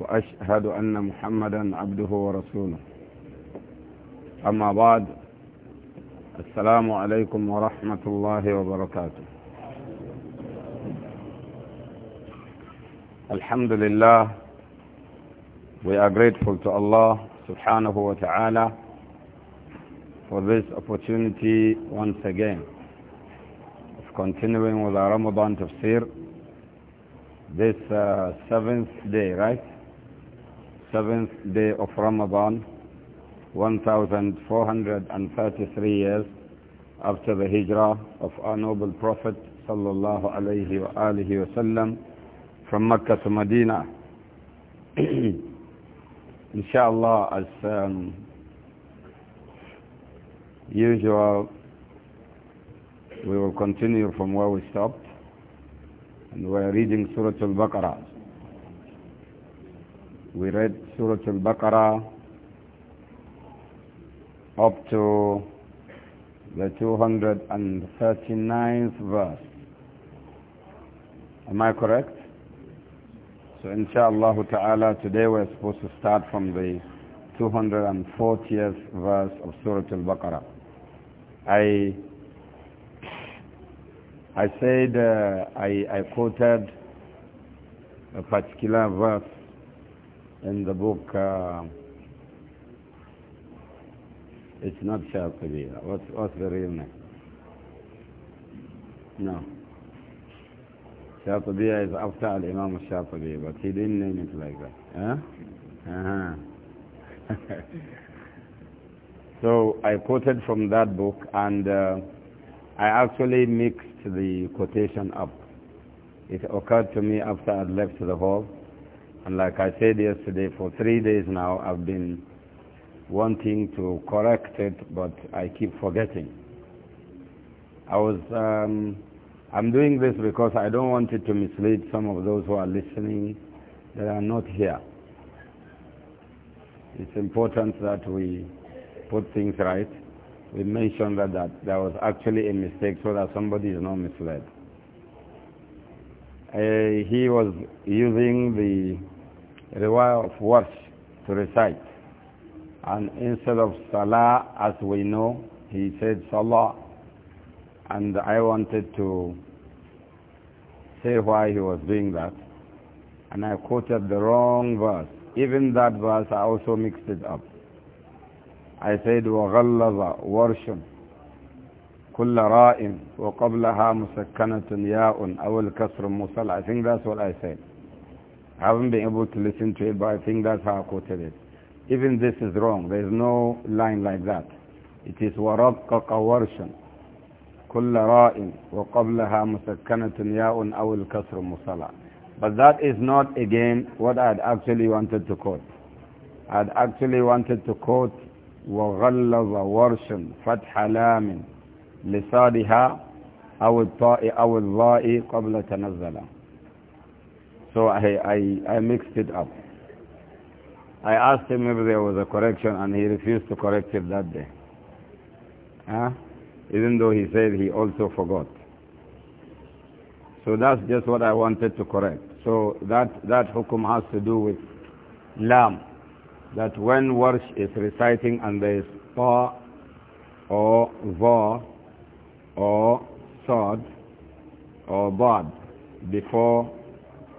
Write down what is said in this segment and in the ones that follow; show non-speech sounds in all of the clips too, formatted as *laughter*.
وأشهد أن محمدا عبده ورسوله أما بعد السلام عليكم ورحمة الله وبركاته الحمد لله we are grateful to Allah subhanahu wa ta'ala for this opportunity once again of continuing with our Ramadan tafsir this uh, seventh day, right? seventh day of Ramadan, 1433 years after the hijrah of our noble Prophet sallallahu alayhi wa alihi wasallam from Mecca to Medina. *clears throat* Inshallah, as um, usual, we will continue from where we stopped. And we are reading Surah Al-Baqarah, we read Surah Al-Baqarah up to the 239th verse. Am I correct? So inshallah ta'ala today we're supposed to start from the 240th verse of Surah Al-Baqarah. I I said uh, I, I quoted a particular verse in the book, uh, it's not Shatibi. What's, what's the real name? No. Shatibi is after Al-Imam Shatibi, but he didn't name it like that. Huh? Uh -huh. *laughs* so I quoted from that book and uh, I actually mixed the quotation up. It occurred to me after i left the hall and like I said yesterday, for three days now, I've been wanting to correct it, but I keep forgetting. I was, um, I'm doing this because I don't want it to mislead some of those who are listening that are not here. It's important that we put things right. We mentioned that, that there was actually a mistake so that somebody is not misled. Uh, he was using the riwayah of words to recite. And instead of salah, as we know, he said salah. And I wanted to say why he was doing that. And I quoted the wrong verse. Even that verse, I also mixed it up. I said, وَغَلَّظَ وَرْشٌ كل راء وقبلها مسكنة ياء أو الكسر musal I think that's what I said I haven't been able to listen to it but I think that's how I quoted it even this is wrong there is no line like that it is وربقك ورشا كل راء وقبلها مسكنة ياء أو الكسر مصلع but that is not again what I had actually wanted to quote I had actually wanted to quote وغلظ ورش فتح لام لصادها أو الطاء أو الضاء قبل تنزل So I, I, I mixed it up. I asked him if there was a correction and he refused to correct it that day. Huh? Even though he said he also forgot. So that's just what I wanted to correct. So that, that hukum has to do with lam. That when warsh is reciting and there is pa or va, or sod or bad before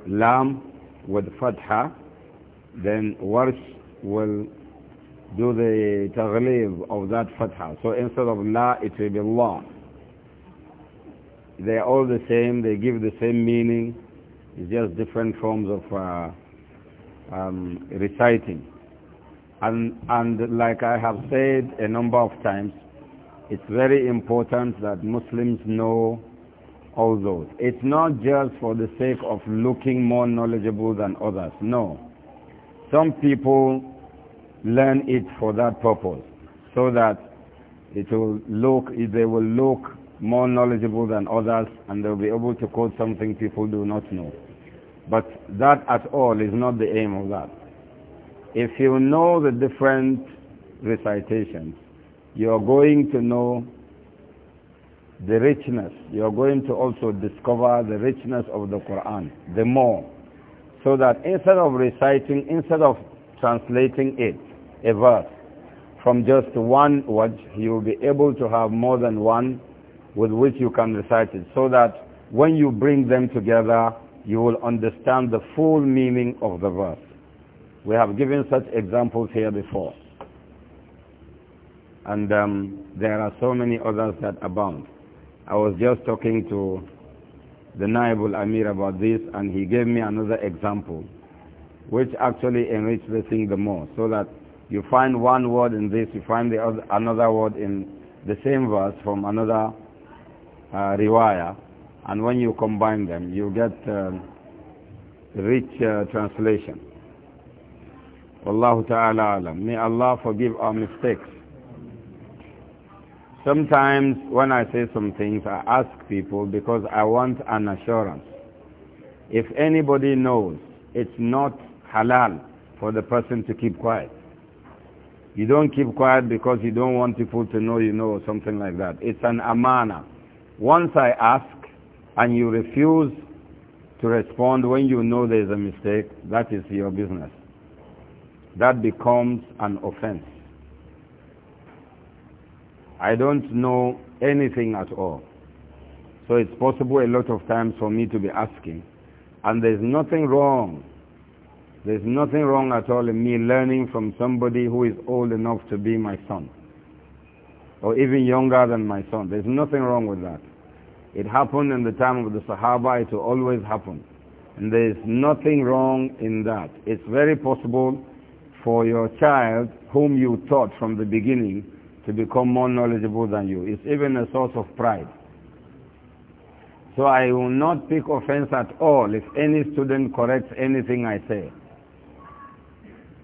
lam with fatha, then warsh will do the taghlib of that fatha. So instead of la, it will be la. They are all the same, they give the same meaning, it's just different forms of uh, um, reciting. And, and like I have said a number of times, it's very important that Muslims know all those. It's not just for the sake of looking more knowledgeable than others. No. Some people learn it for that purpose, so that it will look, they will look more knowledgeable than others and they'll be able to quote something people do not know. But that at all is not the aim of that. If you know the different recitations, you are going to know the richness. You are going to also discover the richness of the Quran, the more. So that instead of reciting, instead of translating it, a verse, from just one word, you will be able to have more than one with which you can recite it. So that when you bring them together, you will understand the full meaning of the verse. We have given such examples here before. And um, there are so many others that abound. I was just talking to the Naibul Amir about this and he gave me another example which actually enriched the thing the more so that you find one word in this, you find the other, another word in the same verse from another uh, riwayah and when you combine them you get uh, rich uh, translation. Wallahu ta'ala alam. May Allah forgive our mistakes. Sometimes when I say some things, I ask people because I want an assurance. If anybody knows it's not halal for the person to keep quiet, you don't keep quiet because you don't want people to know you know or something like that. It's an amana. Once I ask and you refuse to respond when you know there is a mistake, that is your business. That becomes an offense. I don't know anything at all. So it's possible a lot of times for me to be asking. And there's nothing wrong. There's nothing wrong at all in me learning from somebody who is old enough to be my son. Or even younger than my son. There's nothing wrong with that. It happened in the time of the Sahaba. It will always happen. And there's nothing wrong in that. It's very possible for your child, whom you taught from the beginning, to become more knowledgeable than you. It's even a source of pride. So I will not take offense at all if any student corrects anything I say.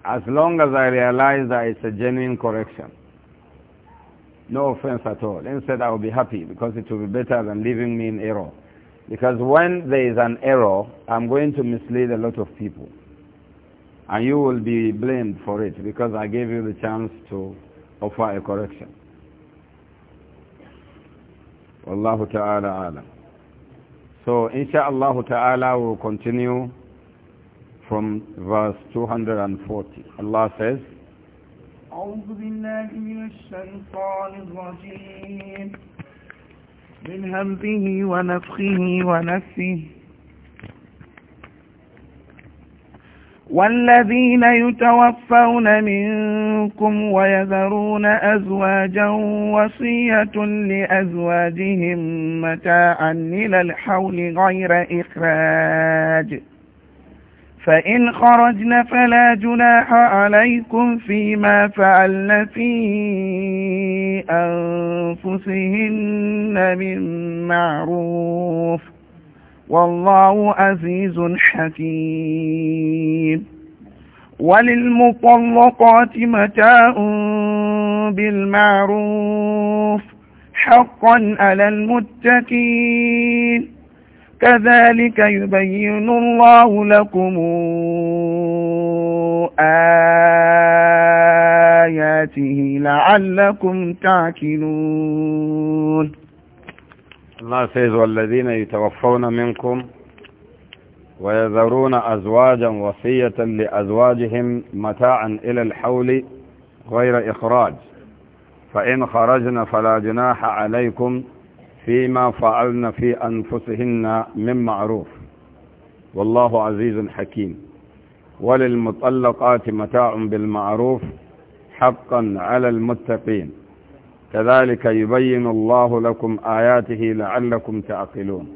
As long as I realize that it's a genuine correction. No offense at all. Instead, I will be happy because it will be better than leaving me in error. Because when there is an error, I'm going to mislead a lot of people. And you will be blamed for it because I gave you the chance to of fire correction. Wallahu ta'ala alam. So insha'Allah ta'ala will continue from verse 240. Allah says, أعوذ بالله من الشيطان الرجيم من همزه ونفخه ونفسه والذين يتوفون منكم ويذرون أزواجا وصية لأزواجهم متاعا إلى الحول غير إخراج فإن خرجن فلا جناح عليكم فيما فعلن في أنفسهن من معروف والله عزيز حكيم وللمطلقات متاع بالمعروف حقا على المتقين كذلك يبين الله لكم آياته لعلكم تعقلون الله says والذين يتوفون منكم ويذرون أزواجا وصية لأزواجهم متاعا إلى الحول غير إخراج فإن خرجنا فلا جناح عليكم فيما فعلن في أنفسهن من معروف والله عزيز حكيم وللمطلقات متاع بالمعروف حقا على المتقين كذلك يبين الله لكم آياته لعلكم تعقلون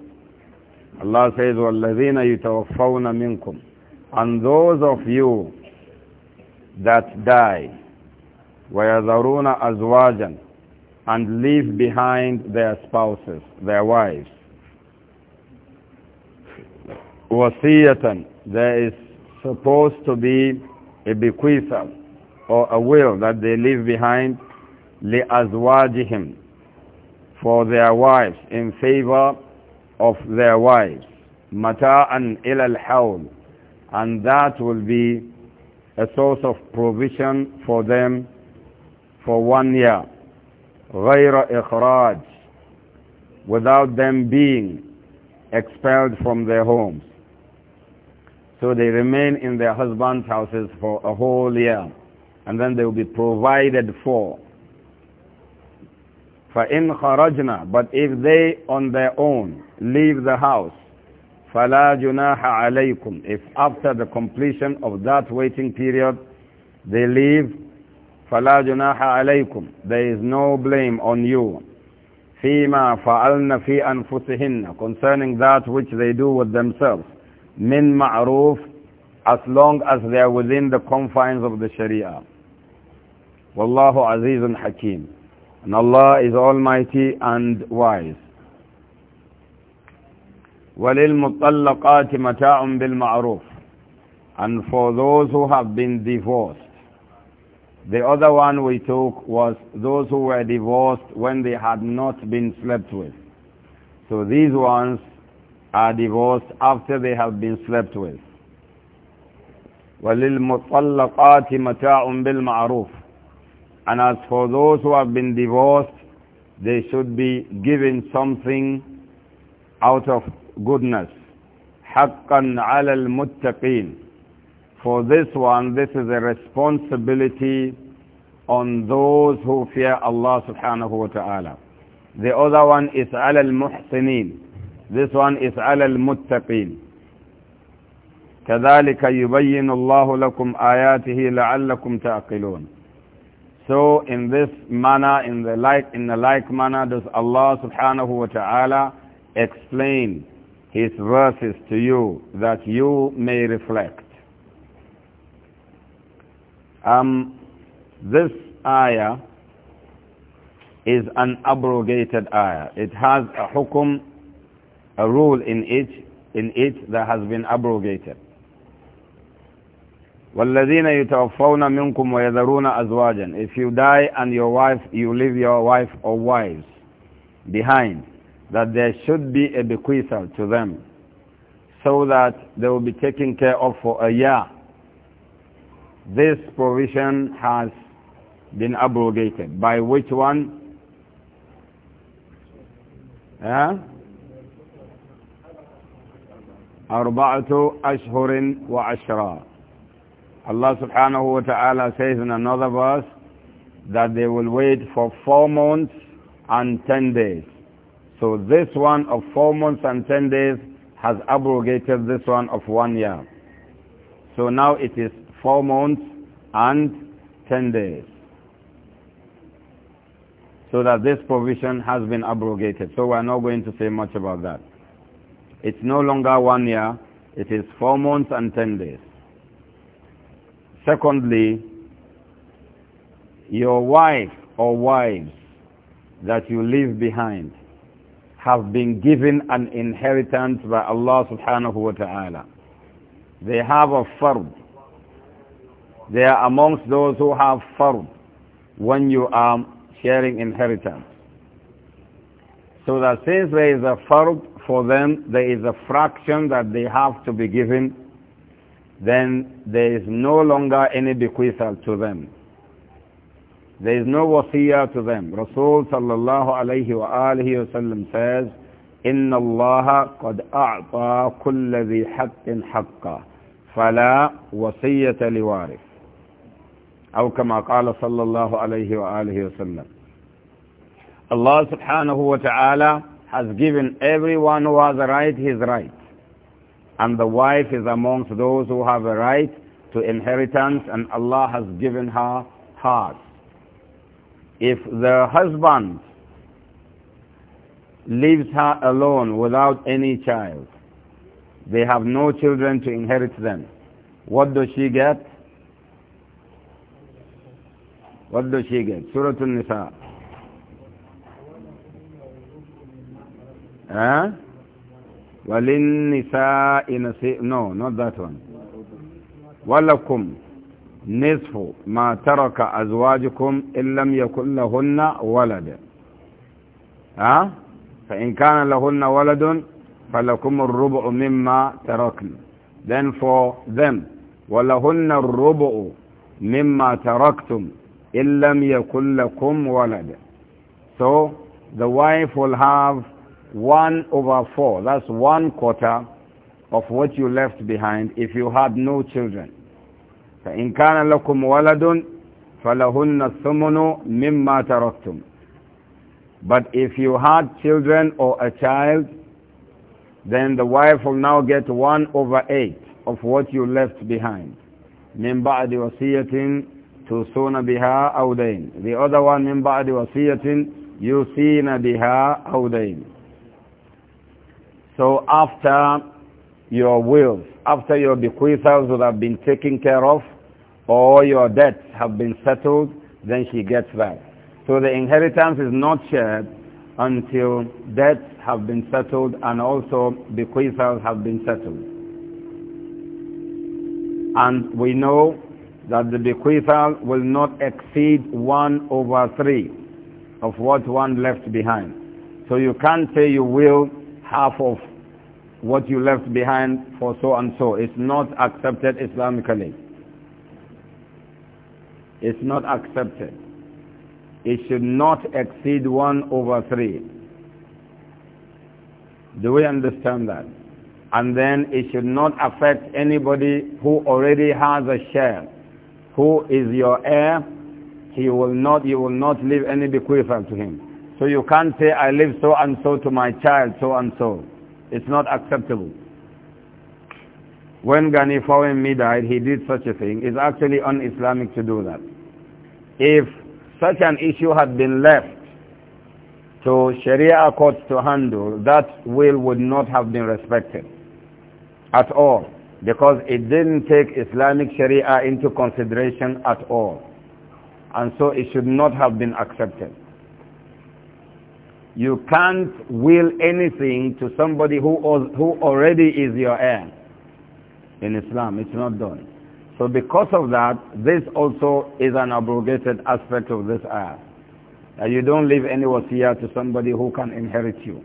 الله says والذين يتوفون منكم and those of you that die ويذرون أزواجا and leave behind their spouses their wives وصية there is supposed to be a bequeathal or a will that they leave behind لأزواجهم for their wives in favor of their wives an إلى الحول and that will be a source of provision for them for one year غير إخراج without them being expelled from their homes so they remain in their husbands' houses for a whole year and then they will be provided for فَإِنْ خَرَجْنَا But if they on their own leave the house, فَلَا جُنَاحَ عَلَيْكُمْ If after the completion of that waiting period, they leave, فَلَا جُنَاحَ عَلَيْكُمْ There is no blame on you. فِيمَا فَعَلْنَ فِي أَنفُسِهِنَّ Concerning that which they do with themselves. مِن مَعْرُوفٍ As long as they are within the confines of the Sharia. وَاللَّهُ عَزِيزٌ حَكِيمٌ and Allah is almighty and wise. وَلِلْمُطَلَّقَاتِ مَتَاعٌ بِالْمَعْرُوفِ And for those who have been divorced. The other one we took was those who were divorced when they had not been slept with. So these ones are divorced after they have been slept with. وَلِلْمُطَلَّقَاتِ مَتَاعٌ بِالْمَعْرُوفِ and as for those who have been divorced, they should be given something out of goodness. حَقًّا عَلَى الْمُتَّقِينَ For this one, this is a responsibility on those who fear Allah subhanahu wa ta'ala. The other one is عَلَى الْمُحْسِنِينَ This one is عَلَى الْمُتَّقِينَ كَذَلِكَ يُبَيِّنُ اللَّهُ لَكُمْ آيَاتِهِ لَعَلَّكُمْ تَأْقِلُونَ so in this manner, in the like, in the like manner, does Allah subhanahu wa ta'ala explain his verses to you that you may reflect. Um, this ayah is an abrogated ayah. It has a hukum, a rule in it, in it that has been abrogated. وَالَّذِينَ يُتَوَفَّوْنَ مِنْكُمْ وَيَذَرُونَ أَزْوَاجًا If you die and your wife, you leave your wife or wives behind, that there should be a bequeathal to them, so that they will be taken care of for a year. This provision has been abrogated. By which one? أربعة أشهر وعشرة Allah subhanahu wa ta'ala says in another verse that they will wait for four months and ten days. So this one of four months and ten days has abrogated this one of one year. So now it is four months and ten days. So that this provision has been abrogated. So we're not going to say much about that. It's no longer one year. It is four months and ten days. Secondly, your wife or wives that you leave behind have been given an inheritance by Allah subhanahu wa ta'ala. They have a fard. They are amongst those who have fard when you are sharing inheritance. So that since there is a fard for them, there is a fraction that they have to be given then there is no longer any bequeathal to them. There is no wasiya to them. Rasul sallallahu alayhi wa alihi wa sallam says, إِنَّ اللَّهَ قَدْ أَعْطَى كُلَّ ذِي حَقٍ حَقًّا فَلَا وَصِيَّةَ لِوَارِثٍ أو كما قال صلى الله عليه وآله وسلم Allah subhanahu wa ta'ala has given everyone who has a right his right and the wife is amongst those who have a right to inheritance and Allah has given her half. If the husband leaves her alone without any child, they have no children to inherit them, what does she get? What does she get? Surah An-Nisa. Huh? وللنساء نصيب نو not ذات ون ولكم نصف ما ترك أزواجكم إن لم يكن لهن ولد ها فإن كان لهن ولد فلكم الربع مما تركن then for them ولهن الربع مما تركتم إن لم يكن لكم ولد so the wife will have 1 over 4. That's one quarter of what you left behind if you had no children. فإن كان لكم ولد فلهن الثمن مما تركتم. But if you had children or a child, then the wife will now get 1 over 8 of what you left behind. من بعد وصية توصون بها أو دين. The other one من بعد وصية يوصين بها أو دين. So after your wills, after your bequests would have been taken care of, or your debts have been settled, then she gets that. So the inheritance is not shared until debts have been settled and also bequests have been settled. And we know that the bequests will not exceed 1 over 3 of what one left behind. So you can't say you will half of what you left behind for so and so. It's not accepted Islamically. It's not accepted. It should not exceed 1 over 3. Do we understand that? And then it should not affect anybody who already has a share. Who is your heir, he will not, you will not leave any bequeathment to him. So you can't say, I leave so and so to my child, so and so. It's not acceptable. When Ghani Fawemmi died, he did such a thing. It's actually un-Islamic to do that. If such an issue had been left to Sharia courts to handle, that will would not have been respected at all because it didn't take Islamic Sharia into consideration at all. And so it should not have been accepted. You can't will anything to somebody who, who already is your heir. In Islam, it's not done. So because of that, this also is an abrogated aspect of this ayah. That you don't leave any wasiyah to somebody who can inherit you.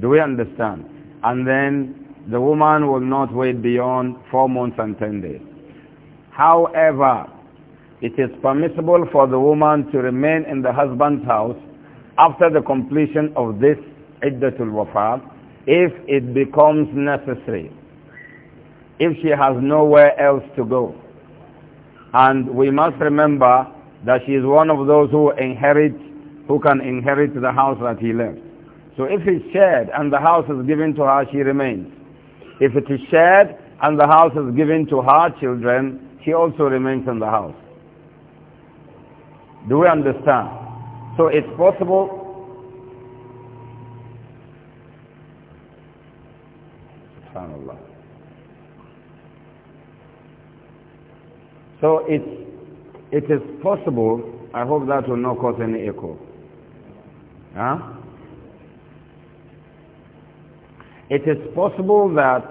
Do we understand? And then the woman will not wait beyond four months and ten days. However, it is permissible for the woman to remain in the husband's house after the completion of this iddatul wafat if it becomes necessary, if she has nowhere else to go. And we must remember that she is one of those who inherit, who can inherit the house that he left. So if it's shared and the house is given to her, she remains. If it is shared and the house is given to her children, she also remains in the house. Do we understand? So it's possible Subhanallah. So it's, it is possible, I hope that will not cause any echo. Huh? It is possible that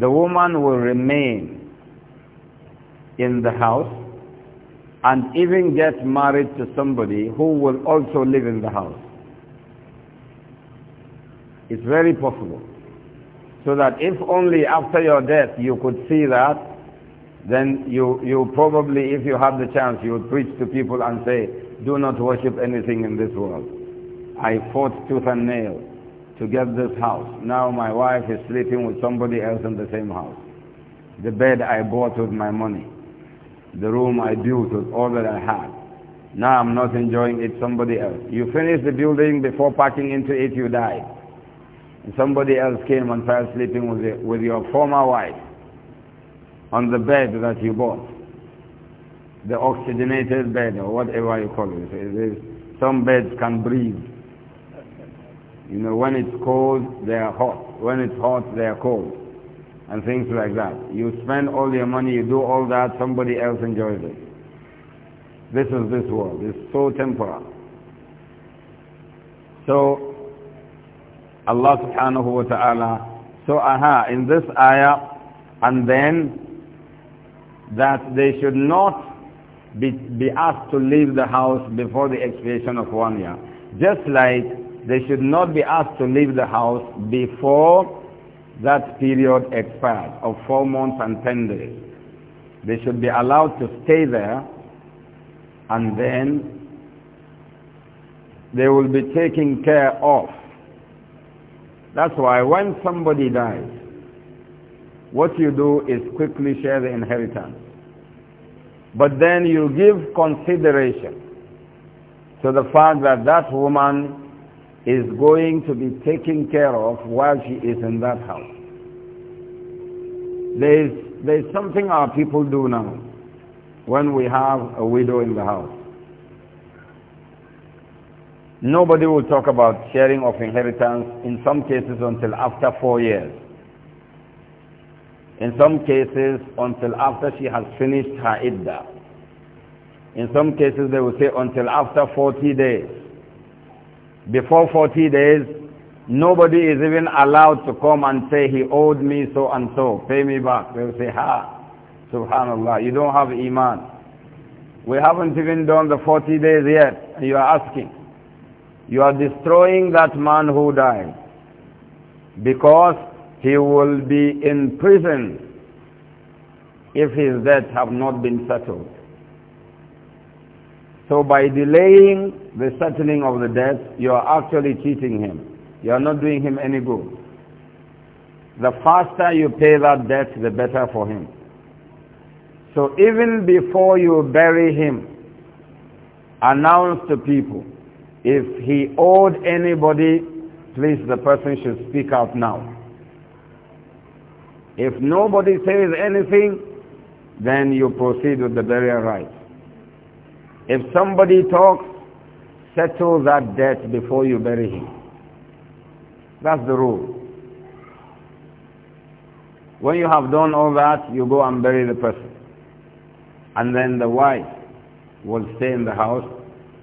the woman will remain in the house and even get married to somebody who will also live in the house. It's very possible. So that if only after your death you could see that, then you, you probably, if you have the chance, you would preach to people and say, do not worship anything in this world. I fought tooth and nail to get this house. Now my wife is sleeping with somebody else in the same house. The bed I bought with my money the room I built was all that I had. Now I'm not enjoying it, somebody else. You finish the building before packing into it, you die. And somebody else came and fell sleeping with, the, with your former wife on the bed that you bought. The oxygenated bed or whatever you call it. some beds can breathe. You know, when it's cold, they are hot. When it's hot, they are cold and things like that. You spend all your money, you do all that, somebody else enjoys it. This is this world. It's so temporal. So, Allah subhanahu wa ta'ala, so aha, in this ayah, and then that they should not be, be asked to leave the house before the expiration of one year. Just like they should not be asked to leave the house before that period expires of four months and ten days. They should be allowed to stay there and then they will be taken care of. That's why when somebody dies, what you do is quickly share the inheritance. But then you give consideration to the fact that that woman is going to be taken care of while she is in that house. There's, there's something our people do now when we have a widow in the house. Nobody will talk about sharing of inheritance in some cases until after four years. In some cases until after she has finished her iddah. In some cases they will say until after 40 days before 40 days, nobody is even allowed to come and say, he owed me so and so, pay me back. They'll say, ha, subhanallah, you don't have iman. We haven't even done the 40 days yet, you are asking. You are destroying that man who died because he will be in prison if his debts have not been settled. So by delaying the settling of the debt, you are actually cheating him. You are not doing him any good. The faster you pay that debt, the better for him. So even before you bury him, announce to people, if he owed anybody, please the person should speak out now. If nobody says anything, then you proceed with the burial rites. If somebody talks, settle that debt before you bury him. That's the rule. When you have done all that, you go and bury the person. And then the wife will stay in the house.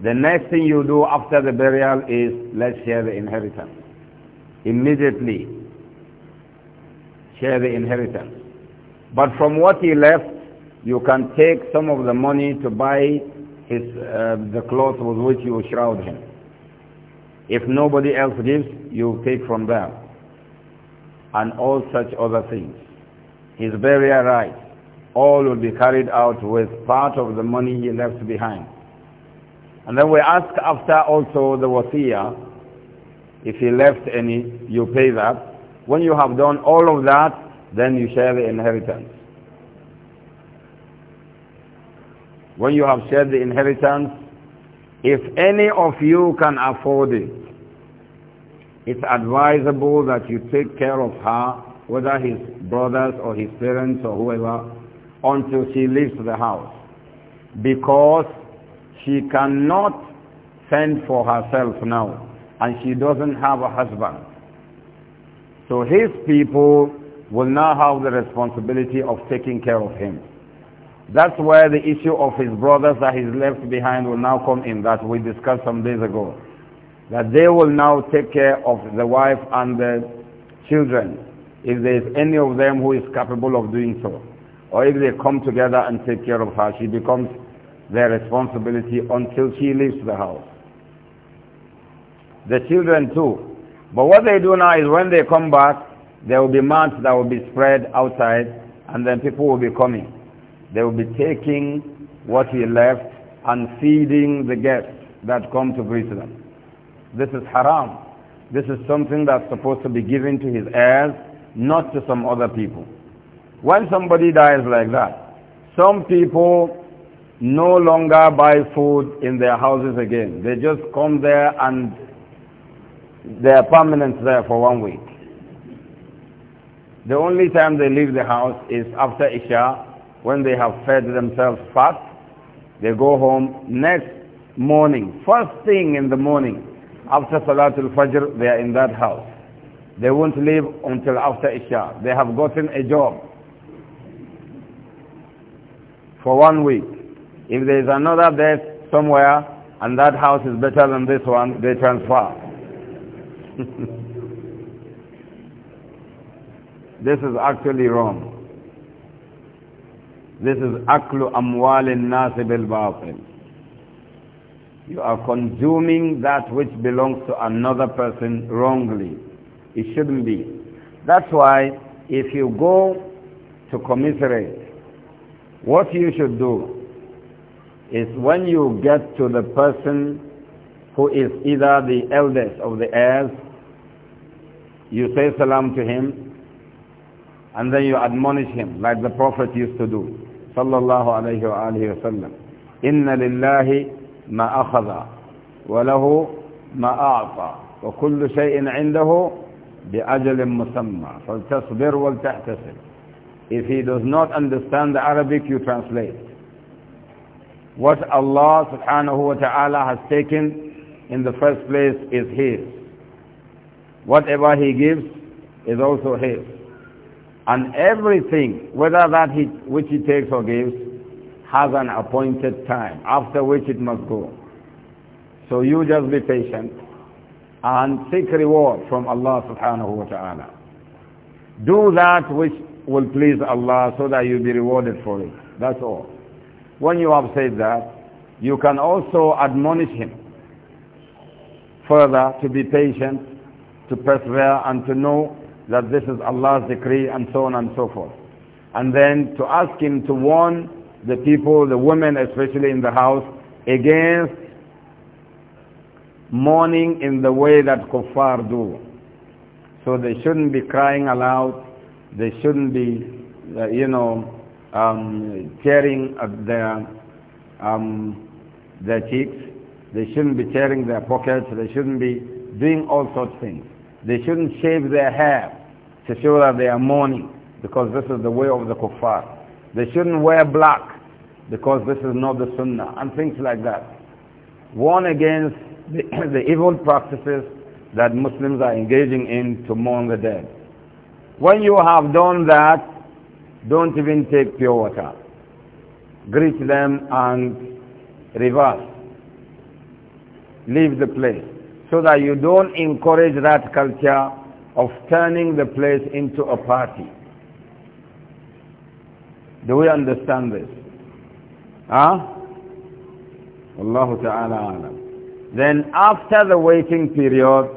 The next thing you do after the burial is let's share the inheritance. Immediately share the inheritance. But from what he left, you can take some of the money to buy his, uh, the cloth with which you shroud him. If nobody else gives, you take from them. And all such other things. His burial rights, all will be carried out with part of the money he left behind. And then we ask after also the wasiyah, if he left any, you pay that. When you have done all of that, then you share the inheritance. when you have shared the inheritance, if any of you can afford it, it's advisable that you take care of her, whether his brothers or his parents or whoever, until she leaves the house. Because she cannot fend for herself now, and she doesn't have a husband. So his people will now have the responsibility of taking care of him. That's where the issue of his brothers that he's left behind will now come in, that we discussed some days ago. That they will now take care of the wife and the children, if there is any of them who is capable of doing so. Or if they come together and take care of her, she becomes their responsibility until she leaves the house. The children too. But what they do now is when they come back, there will be mats that will be spread outside and then people will be coming. They will be taking what he left and feeding the guests that come to greet them. This is haram. This is something that's supposed to be given to his heirs, not to some other people. When somebody dies like that, some people no longer buy food in their houses again. They just come there and they are permanent there for one week. The only time they leave the house is after Isha when they have fed themselves fast, they go home next morning, first thing in the morning, after Salatul Fajr, they are in that house. They won't leave until after Isha. They have gotten a job for one week. If there is another death somewhere, and that house is better than this one, they transfer. *laughs* this is actually wrong. This is aklu amwalin nasib al You are consuming that which belongs to another person wrongly. It shouldn't be. That's why if you go to commiserate, what you should do is when you get to the person who is either the eldest of the heirs, you say salam to him, and then you admonish him like the Prophet used to do. Sallallahu alayhi wa alayhi wa sallam. Inna lillahi ma akhadha wa lahu ma a'ta wa kullu shay'in indahu bi ajalin musamma. Faltasbir wal tahtasib. If he does not understand the Arabic, you translate. What Allah subhanahu wa ta'ala has taken in the first place is His. Whatever He gives is also His. And everything, whether that he, which he takes or gives, has an appointed time, after which it must go. So you just be patient and seek reward from Allah subhanahu wa ta'ala. Do that which will please Allah so that you'll be rewarded for it. That's all. When you have said that, you can also admonish him further to be patient, to persevere and to know that this is Allah's decree and so on and so forth. And then to ask him to warn the people, the women especially in the house, against mourning in the way that kuffar do. So they shouldn't be crying aloud. They shouldn't be, uh, you know, um, tearing at their, um, their cheeks. They shouldn't be tearing their pockets. They shouldn't be doing all sorts of things. They shouldn't shave their hair to show that they are mourning because this is the way of the kuffar. They shouldn't wear black because this is not the sunnah and things like that. Warn against the, *coughs* the evil practices that Muslims are engaging in to mourn the dead. When you have done that, don't even take pure water. Greet them and reverse. Leave the place so that you don't encourage that culture of turning the place into a party. Do we understand this? Ah? Huh? Allahu ta'ala alam. Then after the waiting period,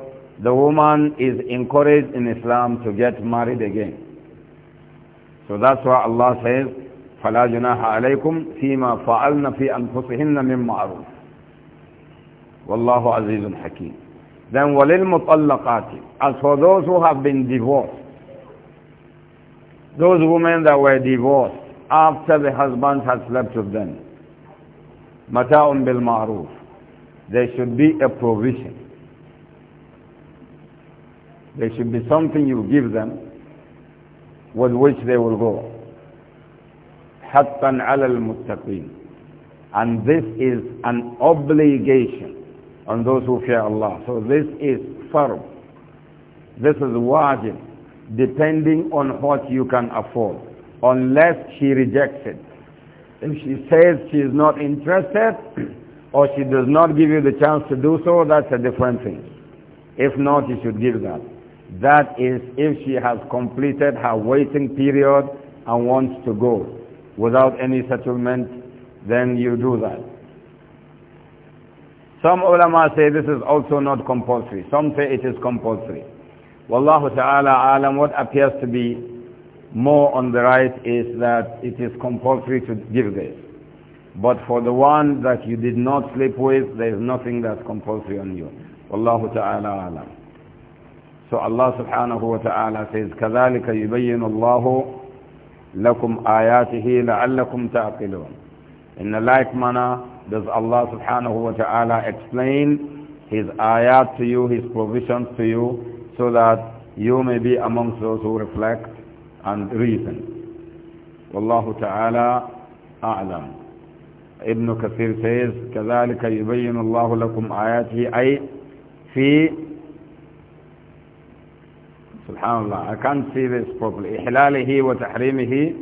the woman is encouraged in Islam to get married again. So that's why Allah says, فَلَا جُنَاهَ عَلَيْكُمْ فِي مَا فَعَلْنَ فِي أَنفُسِهِنَّ مِنْ مَعْرُوفٍ وَاللَّهُ عَزِيزٌ حَكِيمٌ then وَلِلْمُطَلَّقَاتِ As for those who have been divorced, those women that were divorced after the husband had slept with them, bil بِالْمَعْرُوفِ There should be a provision. There should be something you give them with which they will go. Hatan عَلَى الْمُتَّقِينَ And this is an obligation on those who fear Allah. So this is farm. This is wajib, depending on what you can afford, unless she rejects it. If she says she is not interested, *clears throat* or she does not give you the chance to do so, that's a different thing. If not, you should give that. That is if she has completed her waiting period and wants to go without any settlement, then you do that. Some ulama say this is also not compulsory. Some say it is compulsory. Wallahu ta'ala alam, what appears to be more on the right is that it is compulsory to give this. But for the one that you did not sleep with, there is nothing that's compulsory on you. Wallahu ta'ala alam. So Allah subhanahu wa ta'ala says, كَذَلِكَ يُبَيِّنُ اللَّهُ لَكُمْ آيَاتِهِ لَعَلَّكُمْ تَعْقِلُونَ In a like manner, does Allah subhanahu wa ta'ala explain His ayat to you, His provisions to you, so that you may be amongst those who reflect and reason. Wallahu ta'ala a'lam. Ibn Kathir says, كَذَلِكَ يُبَيِّنُ اللَّهُ لَكُمْ آيَاتِهِ أي في سبحان الله I can't see this properly إحلاله وتحريمه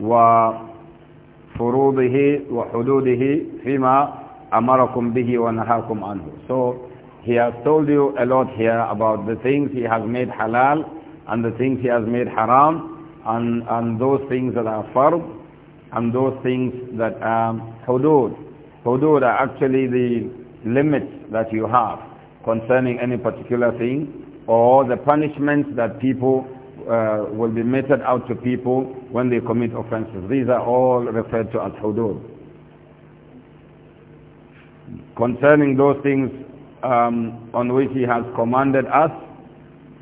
و فروضه وحدوده فيما أمركم به ونهاكم عنه. So he has told you a lot here about the things he has made halal and the things he has made haram and, and those things that are fard and those things that are hudud. Hudud are actually the limits that you have concerning any particular thing or the punishments that people uh, will be meted out to people when they commit offenses. These are all referred to as hudud. Concerning those things um, on which he has commanded us,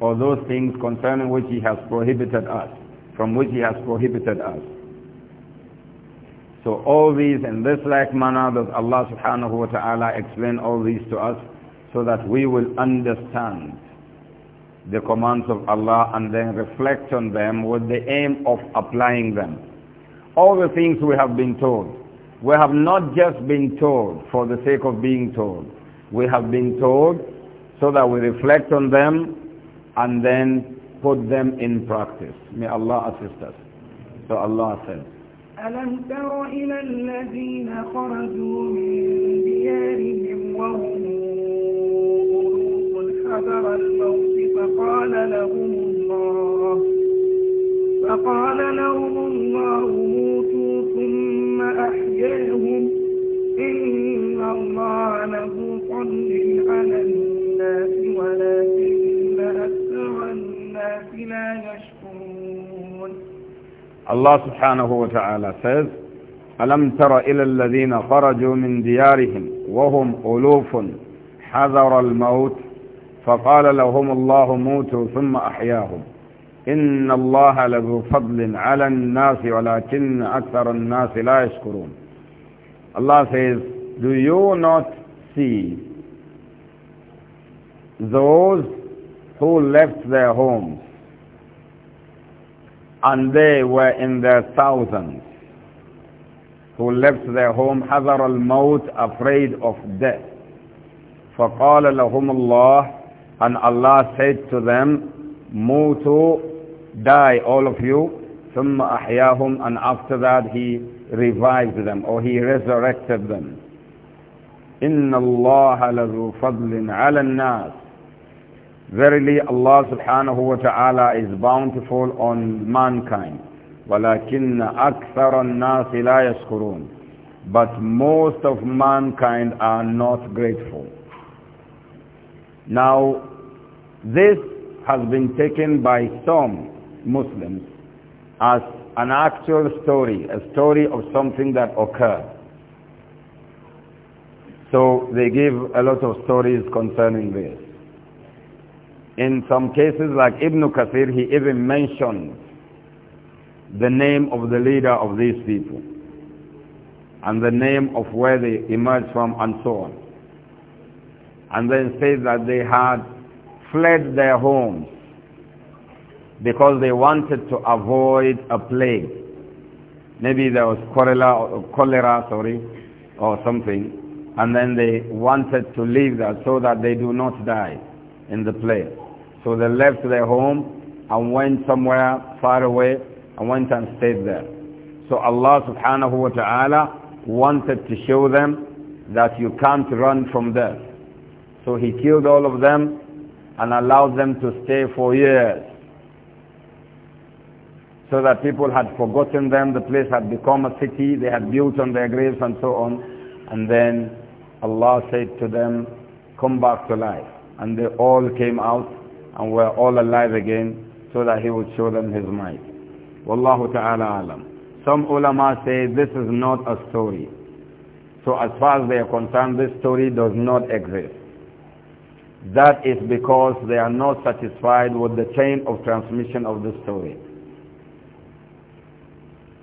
or those things concerning which he has prohibited us, from which he has prohibited us. So all these, in this like manner, does Allah subhanahu wa ta'ala explain all these to us, so that we will understand the commands of Allah and then reflect on them with the aim of applying them. All the things we have been told, we have not just been told for the sake of being told. We have been told so that we reflect on them and then put them in practice. May Allah assist us. So Allah says, ألم تر إلى الذين خرجوا من ديارهم وهم حذر الموت فقال لهم الله فقال لهم الله موتوا ثم أحياهم إن الله له فضل على الناس ولكن أكثر الناس لا يشكرون الله سبحانه وتعالى says ألم تر إلى الذين خرجوا من ديارهم وهم ألوف حذر الموت فقال لهم الله موتوا ثم أحياهم إن الله لذو فضل على الناس ولكن أكثر الناس لا يشكرون الله says, do you not see those who left their homes and they were in their thousands who left their home حذر الموت afraid of death فقال لهم الله And Allah said to them, Mutu, die all of you. ثم أحياهم and after that he revived them or he resurrected them. إن الله لذو فضل على الناس Verily Allah subhanahu wa ta'ala is bountiful on mankind. ولكن أكثر الناس لا يشكرون. But most of mankind are not grateful. Now, this has been taken by some Muslims as an actual story, a story of something that occurred. So they give a lot of stories concerning this. In some cases, like Ibn Kathir, he even mentioned the name of the leader of these people and the name of where they emerged from and so on and then says that they had fled their homes because they wanted to avoid a plague. Maybe there was cholera, or cholera sorry, or something, and then they wanted to leave that so that they do not die in the plague. So they left their home and went somewhere far away and went and stayed there. So Allah subhanahu wa ta'ala wanted to show them that you can't run from death. So he killed all of them and allowed them to stay for years. So that people had forgotten them, the place had become a city, they had built on their graves and so on. And then Allah said to them, come back to life. And they all came out and were all alive again so that he would show them his might. Wallahu ta'ala alam. Some ulama say this is not a story. So as far as they are concerned, this story does not exist. That is because they are not satisfied with the chain of transmission of the story.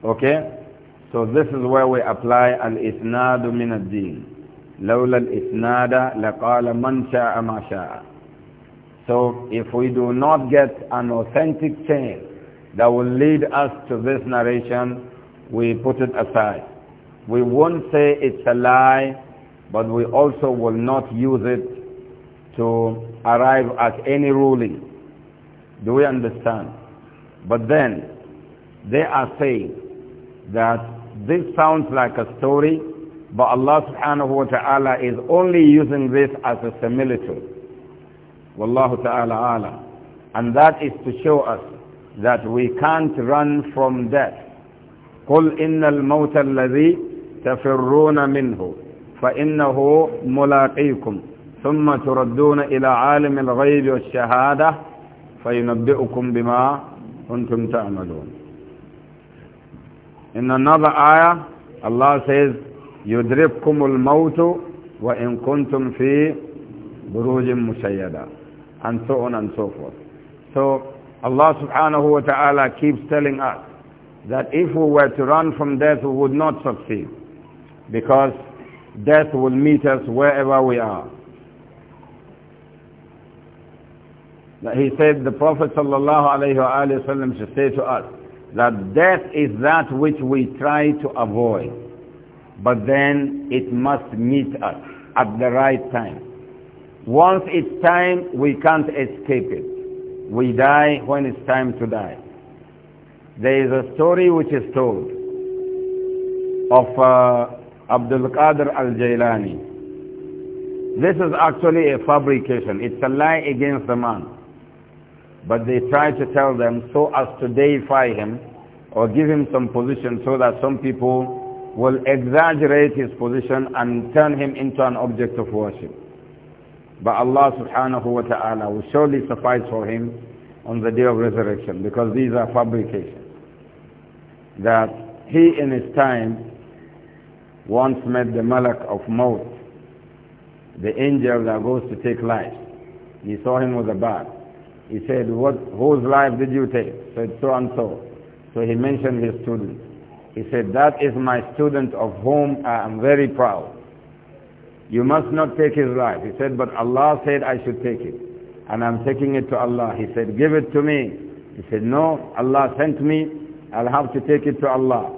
Okay? So this is where we apply al isnadu min ad-din. لولا الإسناد لقال من شاء ما شاء. So if we do not get an authentic chain that will lead us to this narration, we put it aside. We won't say it's a lie, but we also will not use it to arrive at any ruling. Do we understand? But then, they are saying that this sounds like a story, but Allah subhanahu wa ta'ala is only using this as a similitude. Wallahu ta'ala Ala, And that is to show us that we can't run from death. قُلْ إِنَّ الْمَوْتَ الَّذِي تَفِرُّونَ مِنْهُ فَإِنَّهُ مُلَاقِيكُمْ ثم تردون إلى عالم الغيب والشهادة فينبئكم بما كنتم تعملون In another ayah, Allah says, يدرككم الموت وإن كنتم في بروج مشيدة and so on and so forth. So Allah subhanahu wa ta'ala keeps telling us that if we were to run from death, we would not succeed because death will meet us wherever we are. He said the Prophet ﷺ should say to us that death is that which we try to avoid, but then it must meet us at the right time. Once it's time, we can't escape it. We die when it's time to die. There is a story which is told of uh, Abdul Qadir al-Jailani. This is actually a fabrication. It's a lie against the man but they try to tell them so as to deify him or give him some position so that some people will exaggerate his position and turn him into an object of worship. But Allah subhanahu wa ta'ala will surely suffice for him on the day of resurrection because these are fabrications. That he in his time once met the Malak of Maut, the angel that goes to take life. He saw him with a bat. He said, what, whose life did you take? said, so and so. So he mentioned his student. He said, that is my student of whom I am very proud. You must not take his life. He said, but Allah said I should take it. And I'm taking it to Allah. He said, give it to me. He said, no, Allah sent me. I'll have to take it to Allah.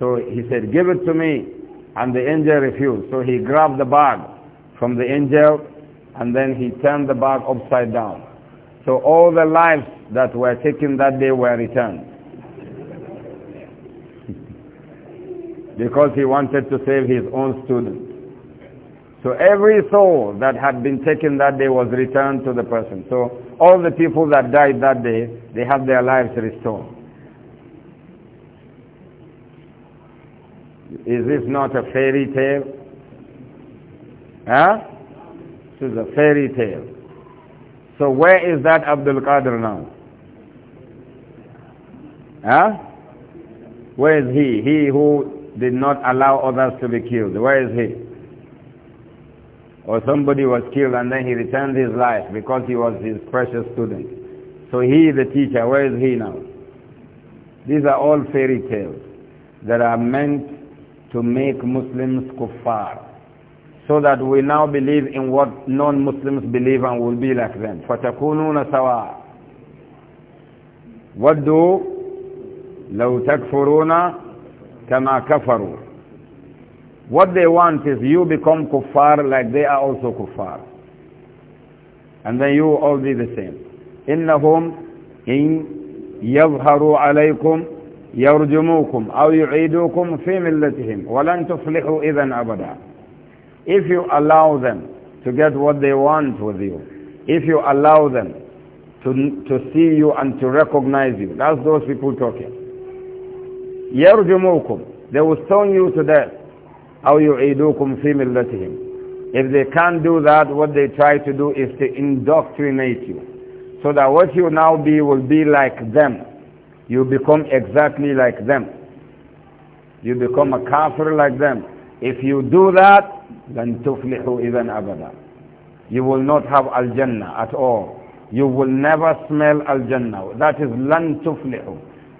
So he said, give it to me. And the angel refused. So he grabbed the bag from the angel and then he turned the bag upside down. So all the lives that were taken that day were returned. *laughs* because he wanted to save his own students. So every soul that had been taken that day was returned to the person. So all the people that died that day, they had their lives restored. Is this not a fairy tale? Huh? This is a fairy tale. So where is that Abdul Qadir now? Huh? Where is he? He who did not allow others to be killed. Where is he? Or somebody was killed and then he returned his life because he was his precious student. So he, the teacher, where is he now? These are all fairy tales that are meant to make Muslims kuffar so that we now believe in what non-Muslims believe and will be like them. فَتَكُونُونَ سَوَاءً وَدُّوا لَوْ تَكْفُرُونَ كَمَا كَفَرُوا What they want is you become kuffar like they are also kuffar. And then you all be the same. إِنَّهُمْ إِن يَظْهَرُوا عَلَيْكُمْ يَرْجُمُوكُمْ أَوْ يُعِيدُوكُمْ فِي مِلَّتِهِمْ وَلَن تُفْلِحُوا إِذًا أَبَدًا if you allow them to get what they want with you, if you allow them to, to see you and to recognize you, that's those people talking. يرجموكم They will stone you to death. أو يعيدوكم في ملتهم If they can't do that, what they try to do is to indoctrinate you. So that what you now be will be like them. You become exactly like them. You become a kafir like them. If you do that, لن تفلحوا إذا أبدا you will not have al-jannah at all you will never smell al-jannah that is lan تفلحوا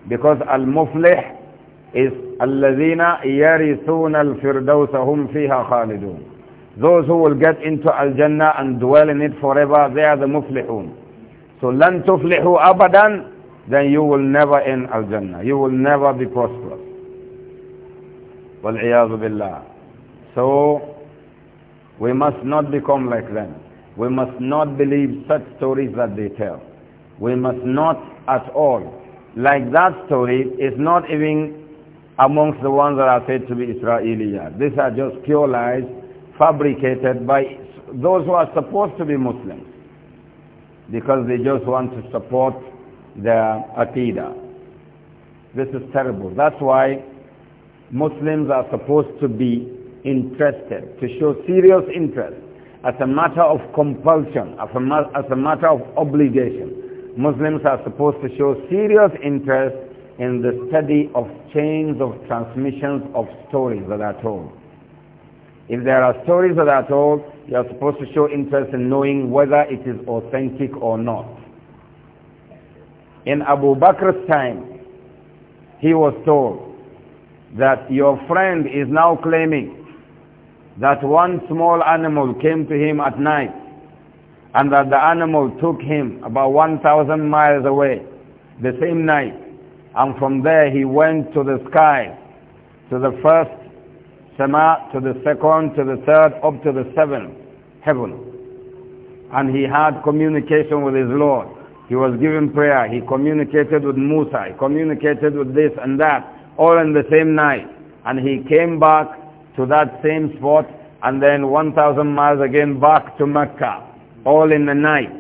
because al-muflih is al-ladina الذين al الفردوس هم فيها khalidun. those who will get into al-jannah and dwell in it forever they are the muflihun so lan تفلحوا abadan. then you will never end al-jannah you will never be prosperous al-iyazu billah. so we must not become like them. We must not believe such stories that they tell. We must not at all. Like that story is not even amongst the ones that are said to be Israeli. These are just pure lies fabricated by those who are supposed to be Muslims because they just want to support their Aqidah. This is terrible. That's why Muslims are supposed to be interested, to show serious interest as a matter of compulsion, as a, as a matter of obligation. Muslims are supposed to show serious interest in the study of chains of transmissions of stories that are told. If there are stories that are told, you are supposed to show interest in knowing whether it is authentic or not. In Abu Bakr's time, he was told that your friend is now claiming that one small animal came to him at night and that the animal took him about 1,000 miles away the same night. And from there he went to the sky, to the first sama, to the second, to the third, up to the seventh heaven. And he had communication with his Lord. He was given prayer. He communicated with Musa. He communicated with this and that, all in the same night. And he came back to that same spot and then 1,000 miles again back to Mecca, all in the night.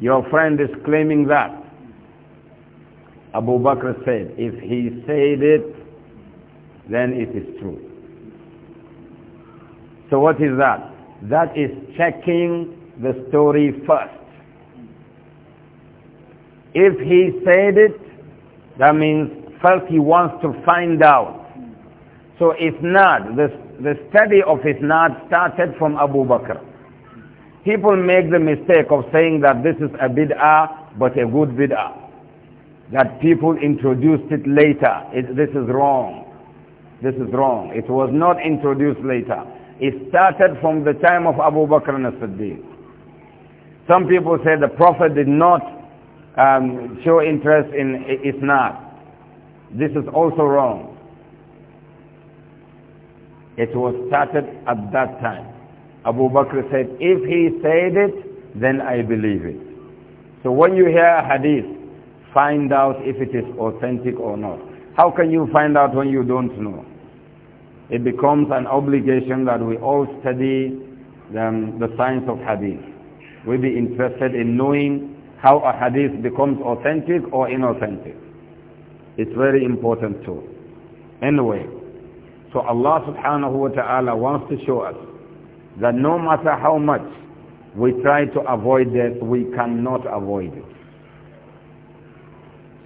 Your friend is claiming that. Abu Bakr said, if he said it, then it is true. So what is that? That is checking the story first. If he said it, that means first he wants to find out so Isnad, the, the study of Isnad started from Abu Bakr. People make the mistake of saying that this is a bid'ah, but a good bid'ah. That people introduced it later. It, this is wrong. This is wrong. It was not introduced later. It started from the time of Abu Bakr as-Siddiq. Some people say the Prophet did not um, show interest in Isnad. This is also wrong it was started at that time. Abu Bakr said, if he said it, then I believe it. So when you hear a hadith, find out if it is authentic or not. How can you find out when you don't know? It becomes an obligation that we all study um, the science of hadith. We'll be interested in knowing how a hadith becomes authentic or inauthentic. It's very important too. Anyway, so Allah subhanahu wa ta'ala wants to show us that no matter how much we try to avoid death, we cannot avoid it.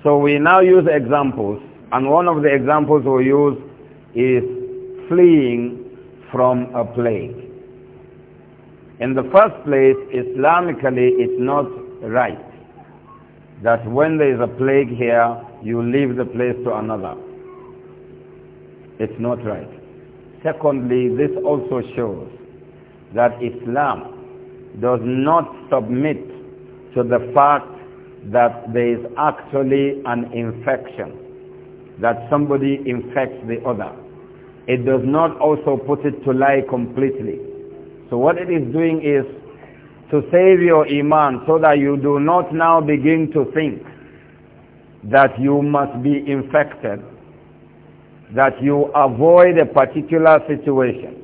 So we now use examples, and one of the examples we use is fleeing from a plague. In the first place, Islamically, it's not right that when there is a plague here, you leave the place to another. It's not right. Secondly, this also shows that Islam does not submit to the fact that there is actually an infection, that somebody infects the other. It does not also put it to lie completely. So what it is doing is to save your iman so that you do not now begin to think that you must be infected that you avoid a particular situation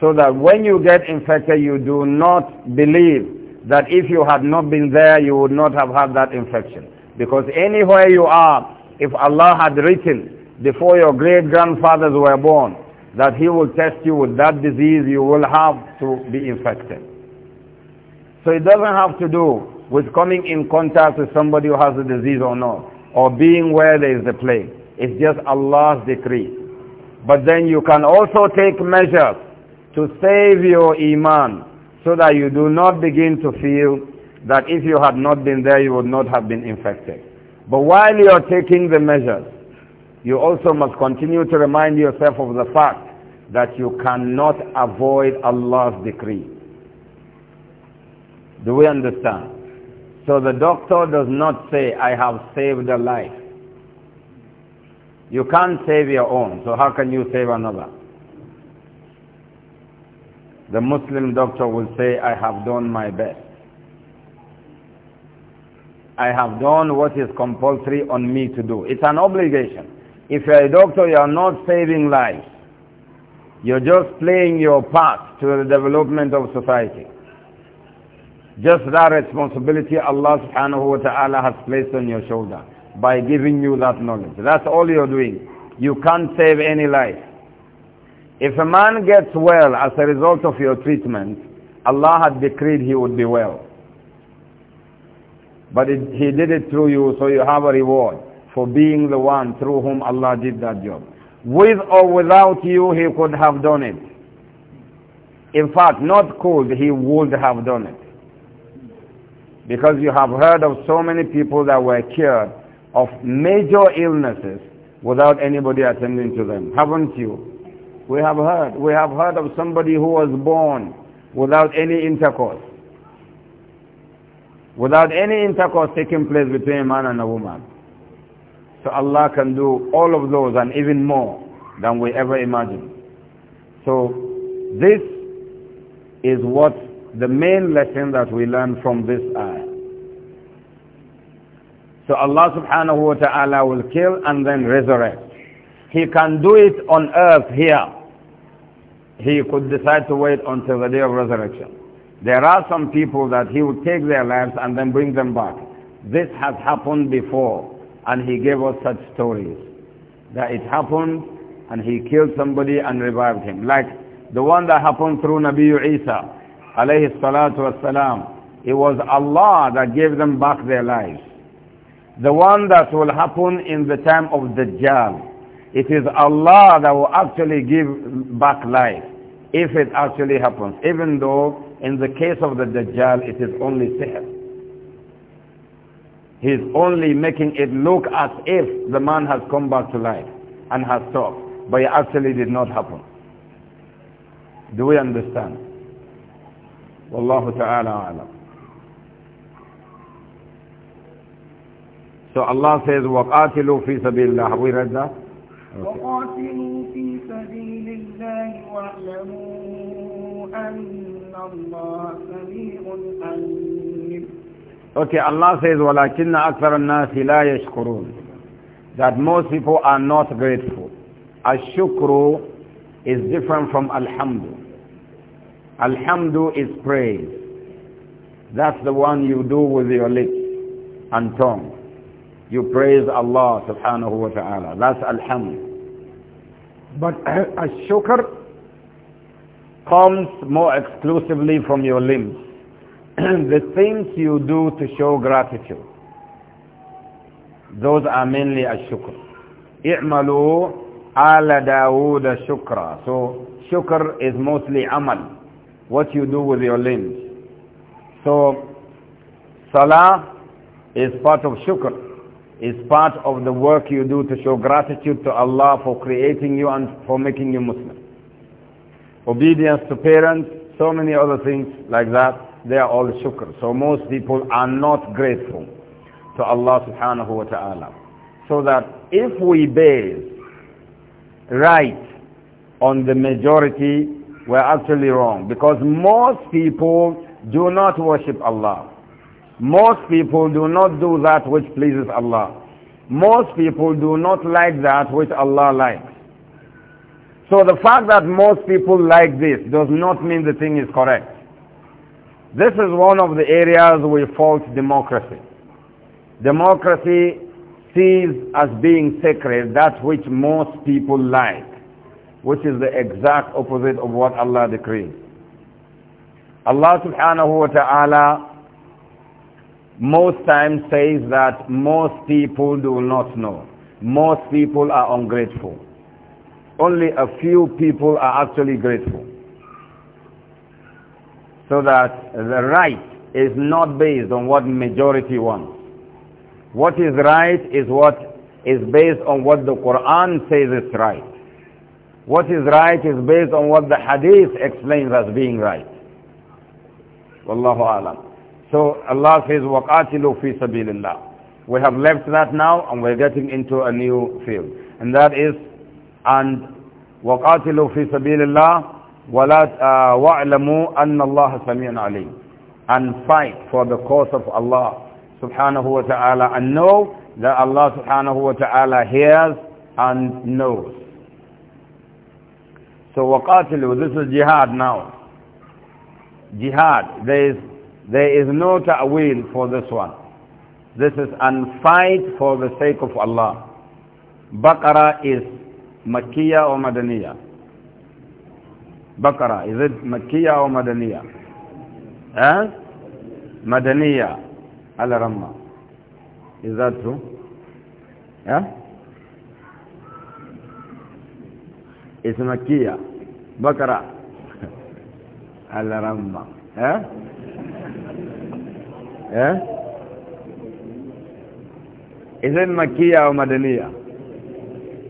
so that when you get infected you do not believe that if you had not been there you would not have had that infection because anywhere you are if Allah had written before your great grandfathers were born that he will test you with that disease you will have to be infected so it doesn't have to do with coming in contact with somebody who has the disease or not or being where there is the plague it's just Allah's decree. But then you can also take measures to save your iman so that you do not begin to feel that if you had not been there, you would not have been infected. But while you are taking the measures, you also must continue to remind yourself of the fact that you cannot avoid Allah's decree. Do we understand? So the doctor does not say, I have saved a life. You can't save your own, so how can you save another? The Muslim doctor will say, I have done my best. I have done what is compulsory on me to do. It's an obligation. If you're a doctor, you are not saving lives. You're just playing your part to the development of society. Just that responsibility Allah subhanahu wa ta'ala has placed on your shoulder by giving you that knowledge. That's all you're doing. You can't save any life. If a man gets well as a result of your treatment, Allah had decreed he would be well. But it, he did it through you, so you have a reward for being the one through whom Allah did that job. With or without you, he could have done it. In fact, not could, he would have done it. Because you have heard of so many people that were cured of major illnesses without anybody attending to them, haven't you? We have heard. We have heard of somebody who was born without any intercourse. Without any intercourse taking place between a man and a woman. So Allah can do all of those and even more than we ever imagined. So this is what the main lesson that we learn from this ayah. So Allah subhanahu wa ta'ala will kill and then resurrect. He can do it on earth here. He could decide to wait until the day of resurrection. There are some people that he would take their lives and then bring them back. This has happened before and he gave us such stories. That it happened and he killed somebody and revived him. Like the one that happened through Nabi Isa alayhi salatu wasalam. It was Allah that gave them back their lives the one that will happen in the time of Dajjal. It is Allah that will actually give back life if it actually happens, even though in the case of the Dajjal it is only sihr. He's only making it look as if the man has come back to life and has talked, but it actually did not happen. Do we understand? Wallahu ta'ala alam. So Allah says, وَقَاتِلُوا فِي سَبِيلِ اللَّهِ Have we read that? Okay. okay, Allah says, وَلَكِنَّ أَكْثَرَ النَّاسِ لَا يَشْكُرُونَ That most people are not grateful. Ashukru is different from alhamdu. Alhamdu is praise. That's the one you do with your lips and tongue. You praise Allah subhanahu wa ta'ala. That's alhamd. But as shukr comes more exclusively from your limbs. *clears throat* the things you do to show gratitude, those are mainly as shukr اعملوا ala Dawood shukra. So shukr is mostly amal, what you do with your limbs. So salah is part of shukr is part of the work you do to show gratitude to Allah for creating you and for making you Muslim. Obedience to parents, so many other things like that, they are all shukr. So most people are not grateful to Allah subhanahu wa ta'ala. So that if we base right on the majority, we're actually wrong. Because most people do not worship Allah. Most people do not do that which pleases Allah. Most people do not like that which Allah likes. So the fact that most people like this does not mean the thing is correct. This is one of the areas we fault democracy. Democracy sees as being sacred that which most people like, which is the exact opposite of what Allah decrees. Allah subhanahu wa ta'ala most times says that most people do not know. Most people are ungrateful. Only a few people are actually grateful. So that the right is not based on what majority wants. What is right is what is based on what the Quran says is right. What is right is based on what the Hadith explains as being right. Wallahu alam. So Allah says, وَقَاتِلُوا فِي سَبِيلِ اللَّهِ We have left that now and we're getting into a new field. And that is, and وَقَاتِلُوا فِي سَبِيلِ اللَّهِ وَلَا وَاعْلَمُوا أَنَّ اللَّهَ سَمِيعٌ عَلِيمٌ And fight for the cause of Allah subhanahu wa ta'ala and know that Allah subhanahu wa ta'ala hears and knows. So وَقَاتِلُوا, this is jihad now. Jihad, there is there is no ta'wil for this one. This is an fight for the sake of Allah. Baqarah is Makkiya or Madaniya? Baqarah, is it Makkiya or Madaniya? Eh? Madaniya. Al-Ramma. Is that true? Yeah? It's Makkiya. Baqarah. *laughs* Al-Ramma. Eh? eh is it makia or Madania?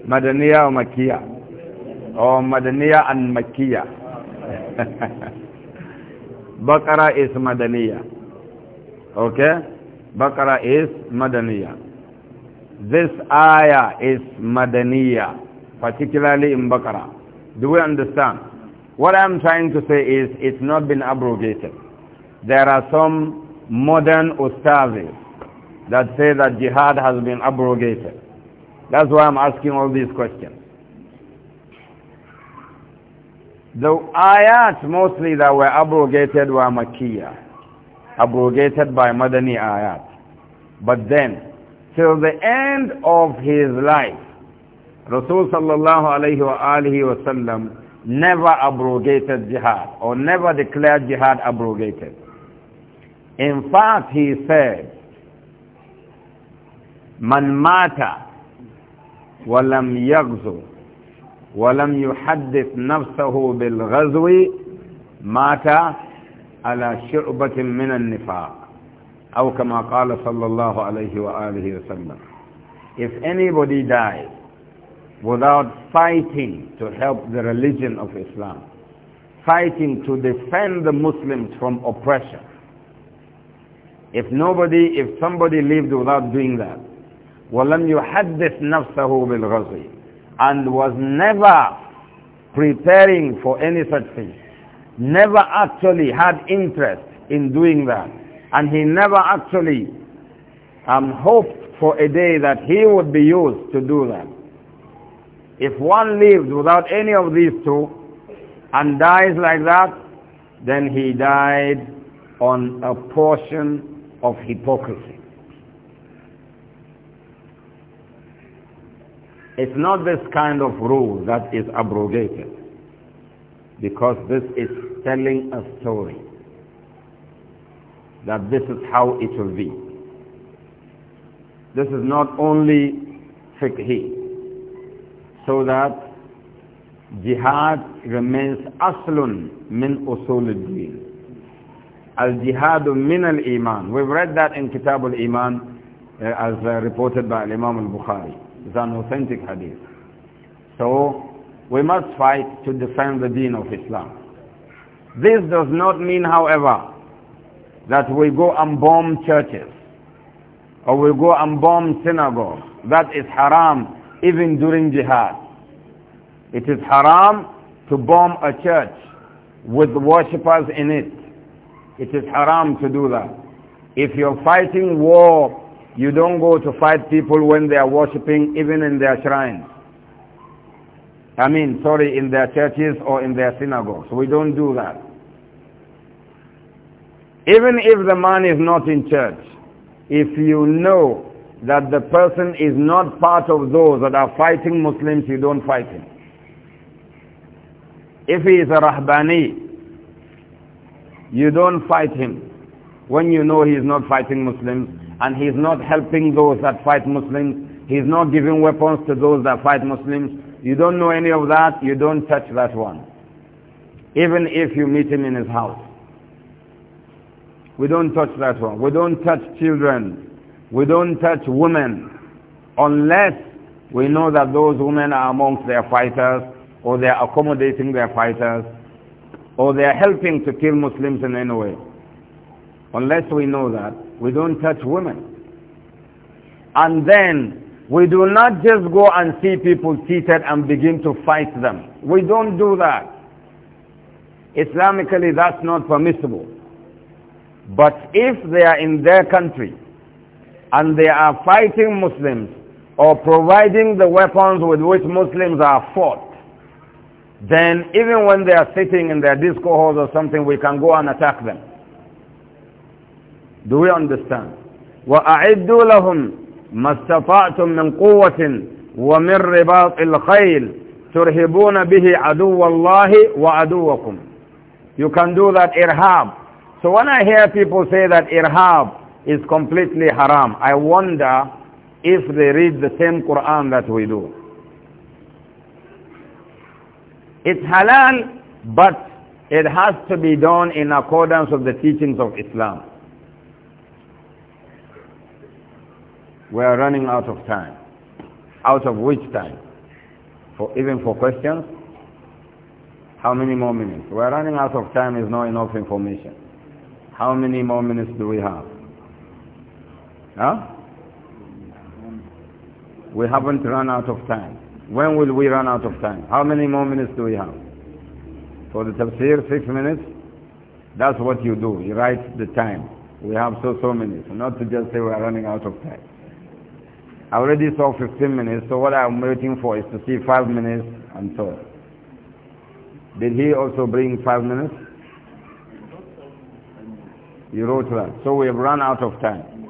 Madania or makia or Madania and makia *laughs* Bakara is Madania, okay Bakara is Madania. this ayah is Madania, particularly in Bakara. do we understand what i'm trying to say is it's not been abrogated there are some modern ustazis that say that jihad has been abrogated. That's why I'm asking all these questions. The ayat mostly that were abrogated were Makkiyah, abrogated by Madani ayat. But then, till the end of his life, Rasul sallallahu alayhi wa alihi wa sallam never abrogated jihad or never declared jihad abrogated. In fact, he said, من مات ولم يغزو ولم يحدث نفسه بالغزو مات على شعبة من النفاق أو كما قال صلى الله عليه وآله وسلم If anybody dies without fighting to help the religion of Islam, fighting to defend the Muslims from oppression, if nobody, if somebody lived without doing that, وَلَمْ يُحَدِّثْ نَفْسَهُ بِالْغَزْوِ And was never preparing for any such thing. Never actually had interest in doing that. And he never actually um, hoped for a day that he would be used to do that. If one lived without any of these two and dies like that, then he died on a portion of hypocrisy. It's not this kind of rule that is abrogated because this is telling a story that this is how it will be. This is not only fiqhi, so that jihad remains aslun min usul al al-jihad min al-iman. We've read that in Kitab al-Iman uh, as uh, reported by Imam al-Bukhari. It's an authentic hadith. So, we must fight to defend the deen of Islam. This does not mean, however, that we go and bomb churches or we go and bomb synagogues. That is haram even during jihad. It is haram to bomb a church with worshippers in it. It is haram to do that. If you're fighting war, you don't go to fight people when they are worshipping, even in their shrines. I mean, sorry, in their churches or in their synagogues. We don't do that. Even if the man is not in church, if you know that the person is not part of those that are fighting Muslims, you don't fight him. If he is a Rahbani, you don't fight him. When you know he is not fighting Muslims and he is not helping those that fight Muslims, he is not giving weapons to those that fight Muslims, you don't know any of that, you don't touch that one. Even if you meet him in his house. We don't touch that one. We don't touch children. We don't touch women. Unless we know that those women are amongst their fighters or they are accommodating their fighters or they are helping to kill Muslims in any way. Unless we know that, we don't touch women. And then we do not just go and see people seated and begin to fight them. We don't do that. Islamically, that's not permissible. But if they are in their country and they are fighting Muslims or providing the weapons with which Muslims are fought, then even when they are sitting in their disco halls or something, we can go and attack them. Do we understand? وَأَعِدُّوا لَهُمْ مَا اسْتَطَعْتُمْ مِنْ قُوَّةٍ وَمِنْ رِبَاطِ الْخَيْلِ تُرْهِبُونَ بِهِ عَدُوَّ اللَّهِ وَعَدُوَّكُمْ You can do that irhab. So when I hear people say that irhab is completely haram, I wonder if they read the same Quran that we do. It's halal, but it has to be done in accordance with the teachings of Islam. We are running out of time. Out of which time? For even for questions? How many more minutes? We are running out of time is not enough information. How many more minutes do we have? Huh? We haven't run out of time. When will we run out of time? How many more minutes do we have? For the tafsir, six minutes? That's what you do. You write the time. We have so, so minutes. Not to just say we are running out of time. I already saw 15 minutes, so what I'm waiting for is to see five minutes and so on. Did he also bring five minutes? You wrote that. So we have run out of time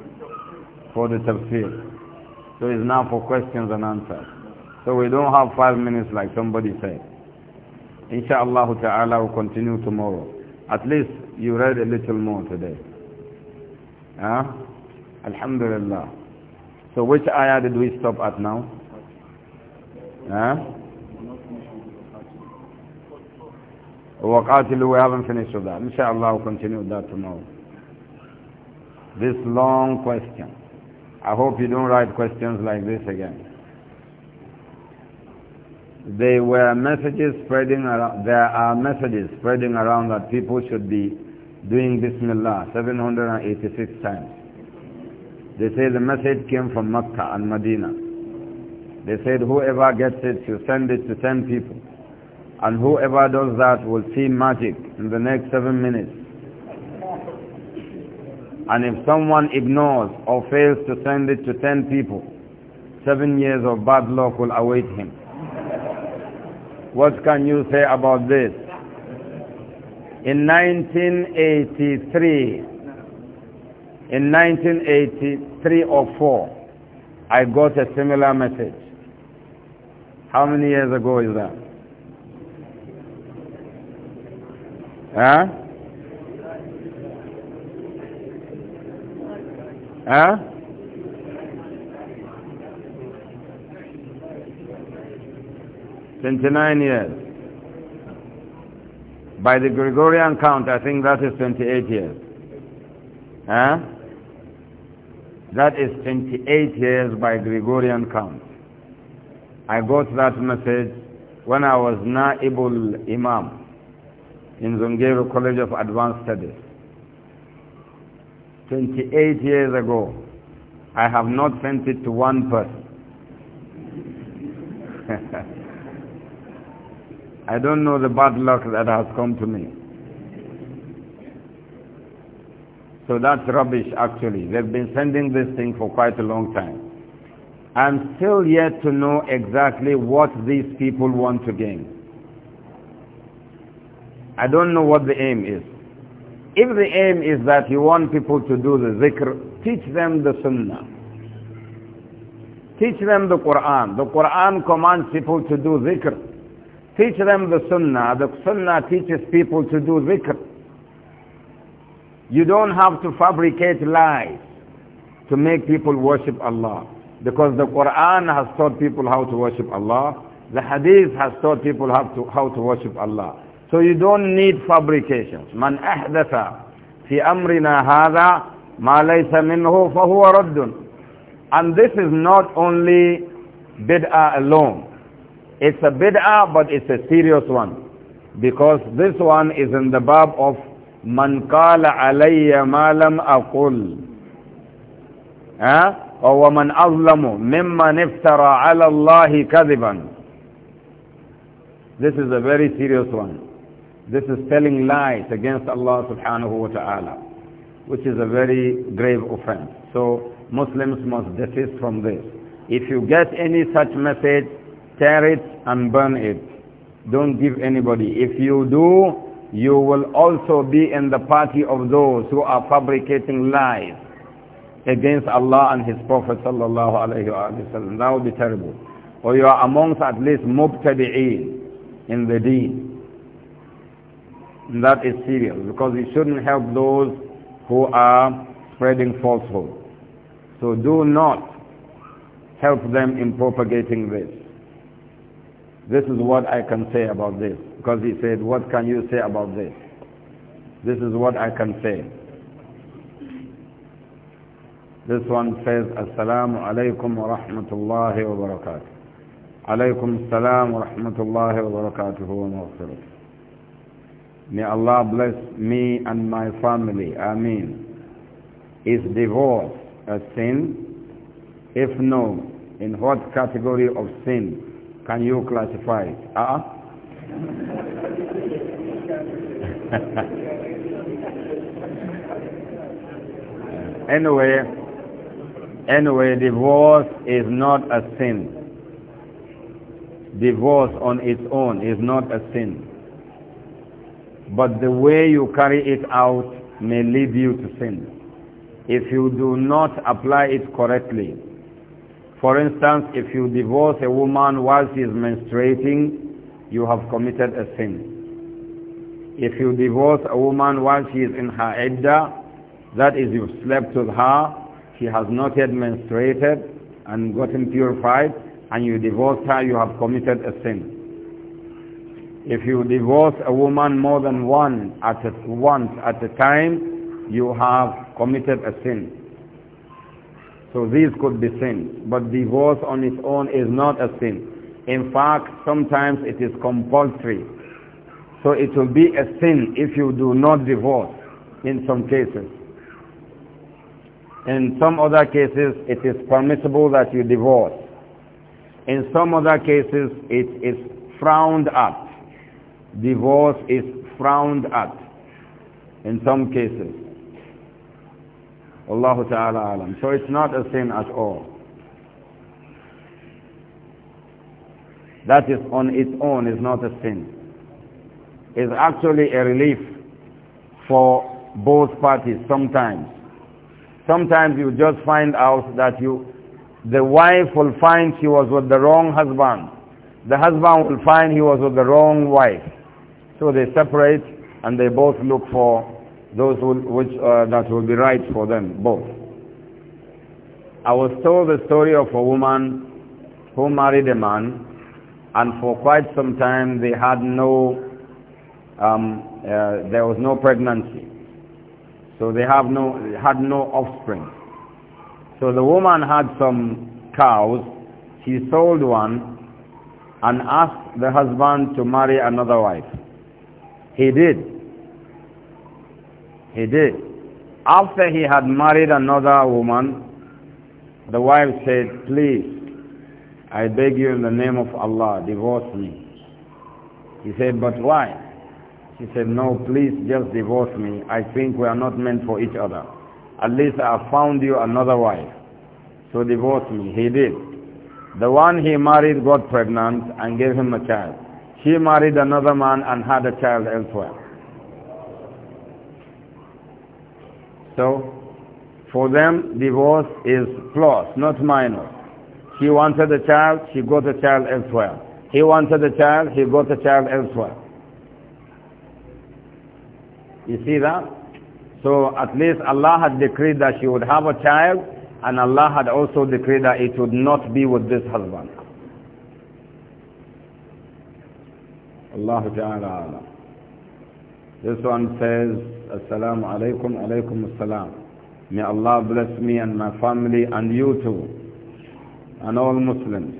for the tafsir. So it's now for questions and answers. So we don't have five minutes like somebody said. Insha'Allah ta'ala will continue tomorrow. At least you read a little more today. Huh? Alhamdulillah. So which ayah did we stop at now? Huh? we haven't finished with that. Inshallah we'll continue with that tomorrow. This long question. I hope you don't write questions like this again. There were messages spreading around, there are messages spreading around that people should be doing Bismillah 786 times. They say the message came from Mecca and Medina. They said whoever gets it, you send it to 10 people. And whoever does that will see magic in the next seven minutes. And if someone ignores or fails to send it to 10 people, seven years of bad luck will await him. What can you say about this? In 1983, in 1983 or 4, I got a similar message. How many years ago is that? Huh? Huh? 29 years. By the Gregorian count, I think that is 28 years. Huh? That is 28 years by Gregorian count. I got that message when I was Naibul Imam in Zungeru College of Advanced Studies. 28 years ago, I have not sent it to one person. *laughs* I don't know the bad luck that has come to me. So that's rubbish actually. They've been sending this thing for quite a long time. I'm still yet to know exactly what these people want to gain. I don't know what the aim is. If the aim is that you want people to do the zikr, teach them the sunnah. Teach them the Quran. The Quran commands people to do zikr. Teach them the sunnah. The sunnah teaches people to do dhikr. You don't have to fabricate lies to make people worship Allah. Because the Quran has taught people how to worship Allah. The Hadith has taught people how to, how to worship Allah. So you don't need fabrications. من أحدث في أمرنا هذا ما ليس منه فهو رد. And this is not only bid'ah alone. It's a bid'ah, but it's a serious one. Because this one is in the bab of man qala alayya ma lam aqul. Huh? Or وَمَنْ أَظْلَمُ niftara ala Allahi اللَّهِ This is a very serious one. This is telling lies against Allah subhanahu wa ta'ala, which is a very grave offense. So Muslims must desist from this. If you get any such message, tear it and burn it. Don't give anybody. If you do, you will also be in the party of those who are fabricating lies against Allah and His Prophet sallallahu alayhi wa That would be terrible. Or you are amongst at least mubtadi'een in the deen. And that is serious because you shouldn't help those who are spreading falsehood. So do not help them in propagating this. This is what I can say about this. Because he said, what can you say about this? This is what I can say. This one says, Assalamu alaikum wa rahmatullahi wa barakatuh. Alaykum salam, wa rahmatullahi wa barakatuh wa maghfirah. May Allah bless me and my family. Ameen. Is divorce a sin? If no, in what category of sin can you classify it? Uh -uh. *laughs* anyway, anyway, divorce is not a sin. Divorce on its own is not a sin. But the way you carry it out may lead you to sin. If you do not apply it correctly, for instance, if you divorce a woman while she is menstruating, you have committed a sin. If you divorce a woman while she is in her edda, that is you've slept with her, she has not yet menstruated and gotten purified, and you divorce her, you have committed a sin. If you divorce a woman more than one at a, once at a time, you have committed a sin. So these could be sins. But divorce on its own is not a sin. In fact, sometimes it is compulsory. So it will be a sin if you do not divorce in some cases. In some other cases, it is permissible that you divorce. In some other cases, it is frowned at. Divorce is frowned at in some cases. Allahu ta'ala alam. So it's not a sin at all. That is on its own is not a sin. It's actually a relief for both parties sometimes. Sometimes you just find out that you, the wife will find she was with the wrong husband. The husband will find he was with the wrong wife. So they separate and they both look for those will, which, uh, that will be right for them, both. I was told the story of a woman who married a man and for quite some time they had no, um, uh, there was no pregnancy. So they have no, had no offspring. So the woman had some cows. She sold one and asked the husband to marry another wife. He did. He did. After he had married another woman, the wife said, please, I beg you in the name of Allah, divorce me. He said, but why? She said, no, please just divorce me. I think we are not meant for each other. At least I found you another wife. So divorce me. He did. The one he married got pregnant and gave him a child. She married another man and had a child elsewhere. So, for them, divorce is plus, not minus. She wanted a child, she got a child elsewhere. He wanted a child, he got a child elsewhere. You see that? So at least Allah had decreed that she would have a child, and Allah had also decreed that it would not be with this husband. Allah Ta'ala this one says, Assalamu alaikum, alaikum assalam. May Allah bless me and my family and you too, and all Muslims,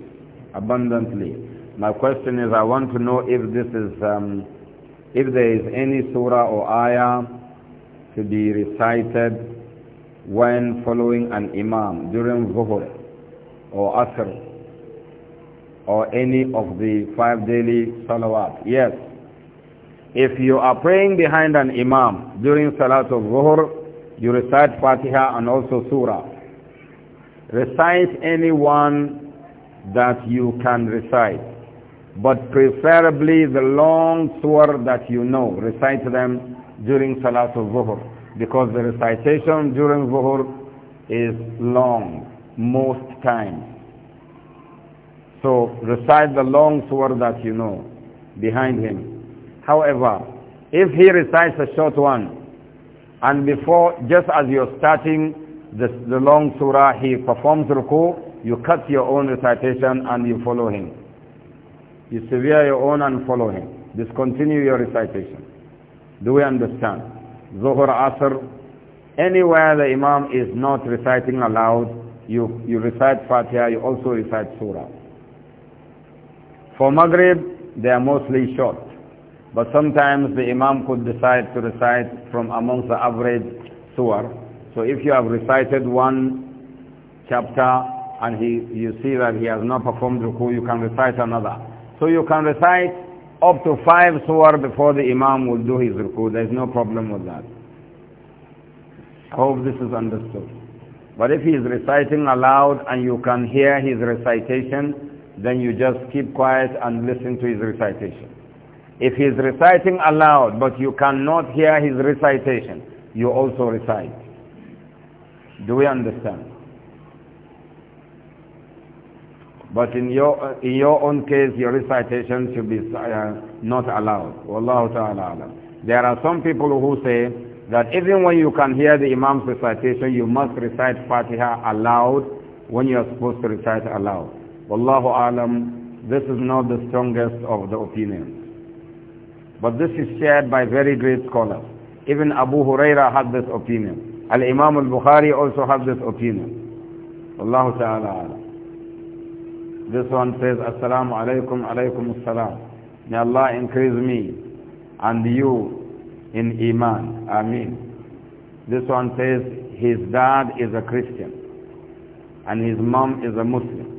abundantly. My question is, I want to know if this is, um, if there is any surah or ayah to be recited when following an imam during Zuhur or Asr or any of the five daily salawat. Yes. If you are praying behind an imam during Salatul Zuhr, you recite Fatiha and also Surah. Recite any one that you can recite, but preferably the long surah that you know. Recite them during Salatul Zuhr, because the recitation during Zuhr is long, most times. So recite the long surah that you know behind him. However, if he recites a short one, and before, just as you're starting the, the long surah, he performs ruku, you cut your own recitation and you follow him. You severe your own and follow him. Discontinue your recitation. Do we understand? Zuhur, Asr, anywhere the Imam is not reciting aloud, you, you recite Fatiha, you also recite Surah. For Maghrib, they are mostly short. But sometimes the Imam could decide to recite from amongst the average surah. So if you have recited one chapter and he, you see that he has not performed ruku, you can recite another. So you can recite up to five surah before the Imam will do his ruku. There is no problem with that. I hope this is understood. But if he is reciting aloud and you can hear his recitation, then you just keep quiet and listen to his recitation. If he is reciting aloud, but you cannot hear his recitation, you also recite. Do we understand? But in your, in your own case, your recitation should be uh, not allowed. Wallahu ta'ala alam. There are some people who say that even when you can hear the Imam's recitation, you must recite Fatiha aloud when you are supposed to recite aloud. Wallahu alam, this is not the strongest of the opinions. But this is shared by very great scholars. Even Abu Huraira had this opinion. Al-Imam al-Bukhari also had this opinion. Allah Ta'ala. This one says, Assalamu alaikum alaikum assalam. May Allah increase me and you in Iman. Ameen. This one says, his dad is a Christian and his mom is a Muslim.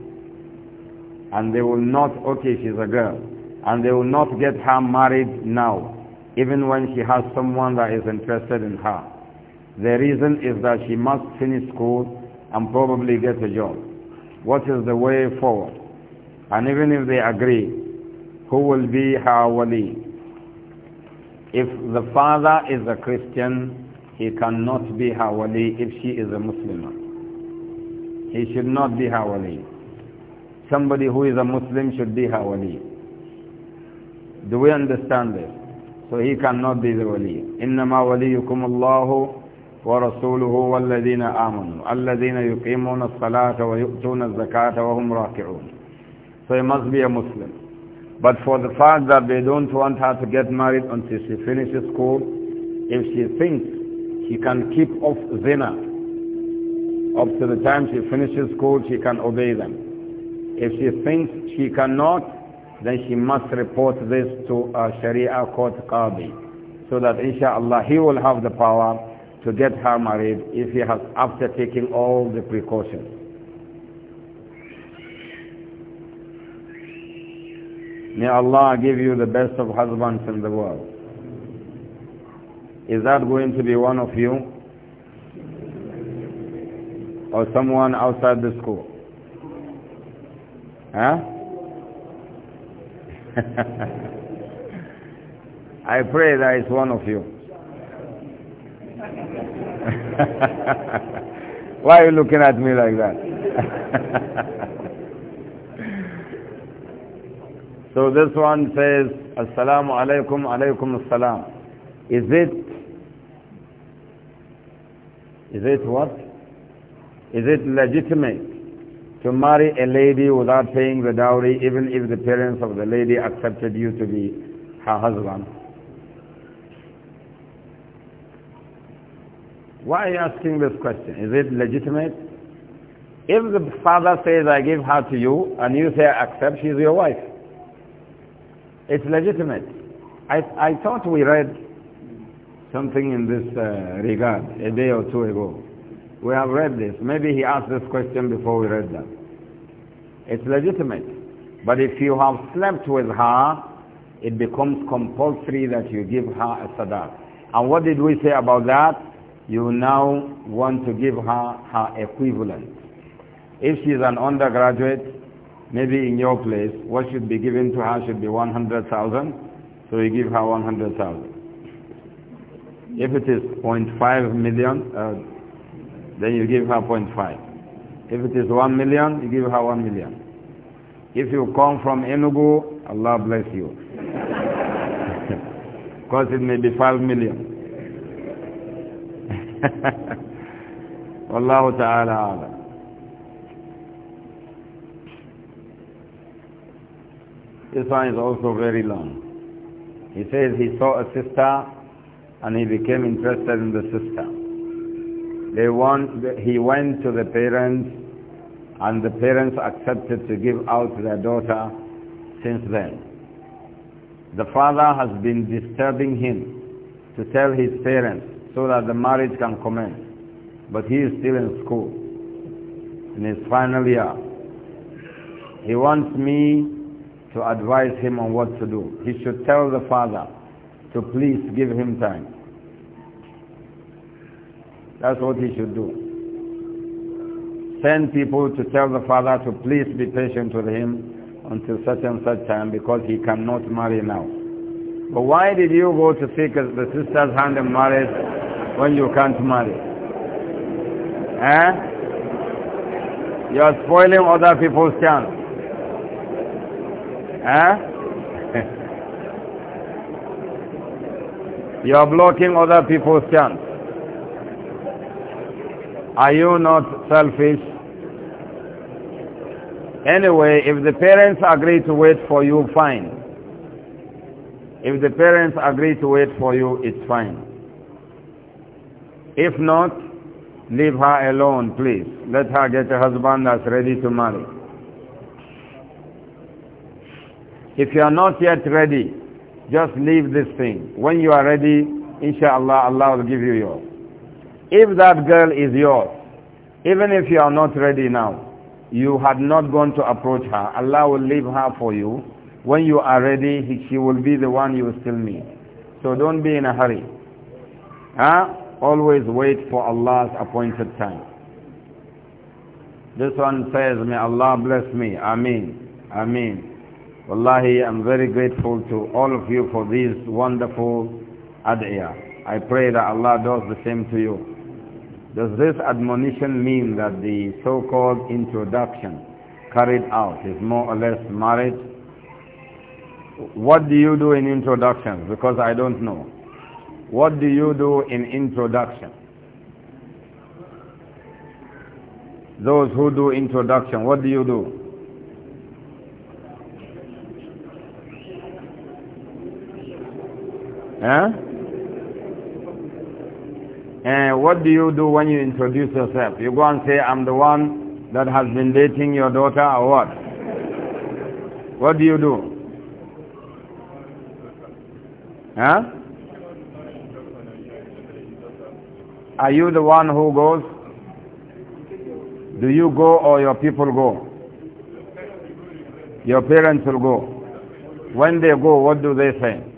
And they will not, okay, she's a girl and they will not get her married now, even when she has someone that is interested in her. The reason is that she must finish school and probably get a job. What is the way forward? And even if they agree, who will be her wali? If the father is a Christian, he cannot be her wali if she is a Muslim. He should not be her wali. Somebody who is a Muslim should be her wali. Do we understand this? So he cannot be the wali. wa وليكم الله ورسوله والذين آمنوا الذين يقيمون الصلاة ويؤتون wa hum راكعون. So he must be a Muslim. But for the fact that they don't want her to get married until she finishes school, if she thinks she can keep off zina up to the time she finishes school, she can obey them. If she thinks she cannot, then she must report this to a uh, Sharia court Qadi so that inshallah he will have the power to get her married if he has after taking all the precautions. May Allah give you the best of husbands in the world. Is that going to be one of you? Or someone outside the school? Huh? *laughs* I pray that it's one of you. *laughs* Why are you looking at me like that? *laughs* so this one says, Assalamu alaikum, alaikum assalam. Is it, is it what? Is it legitimate to marry a lady without paying the dowry, even if the parents of the lady accepted you to be her husband. Why are you asking this question? Is it legitimate? If the father says, I give her to you, and you say, I accept, she's your wife. It's legitimate. I, I thought we read something in this uh, regard a day or two ago. We have read this. Maybe he asked this question before we read that. It's legitimate. But if you have slept with her, it becomes compulsory that you give her a sadaq. And what did we say about that? You now want to give her her equivalent. If she is an undergraduate, maybe in your place, what should be given to her should be 100,000. So you give her 100,000. If it is 0.5 million, uh, then you give her 0.5. If it is 1 million, you give her 1 million. If you come from Enugu, Allah bless you. Because *laughs* it may be 5 million. *laughs* Wallahu ta'ala alam. This one is also very long. He says he saw a sister and he became interested in the sister. They want, he went to the parents and the parents accepted to give out their daughter since then. The father has been disturbing him to tell his parents so that the marriage can commence. But he is still in school, in his final year. He wants me to advise him on what to do. He should tell the father to please give him time. That's what he should do. Send people to tell the father to please be patient with him until such and such time because he cannot marry now. But why did you go to seek the sister's hand in marriage when you can't marry? Eh? You are spoiling other people's chance. Eh? *laughs* you are blocking other people's chance. Are you not selfish? Anyway, if the parents agree to wait for you, fine. If the parents agree to wait for you, it's fine. If not, leave her alone, please. Let her get a husband that's ready to marry. If you are not yet ready, just leave this thing. When you are ready, inshallah, Allah will give you yours. If that girl is yours, even if you are not ready now, you had not gone to approach her, Allah will leave her for you. When you are ready, he, she will be the one you still meet. So don't be in a hurry. Huh? Always wait for Allah's appointed time. This one says, may Allah bless me. Ameen. Ameen. Wallahi, I'm very grateful to all of you for these wonderful ad'iyah. I pray that Allah does the same to you. Does this admonition mean that the so-called introduction carried out is more or less marriage? What do you do in introductions? Because I don't know. What do you do in introduction? Those who do introduction, what do you do? Huh? Eh? uh, what do you do when you introduce yourself? You go and say, I'm the one that has been dating your daughter or what? What do you do? Huh? Are you the one who goes? Do you go or your people go? Your parents will go. When they go, what do they say?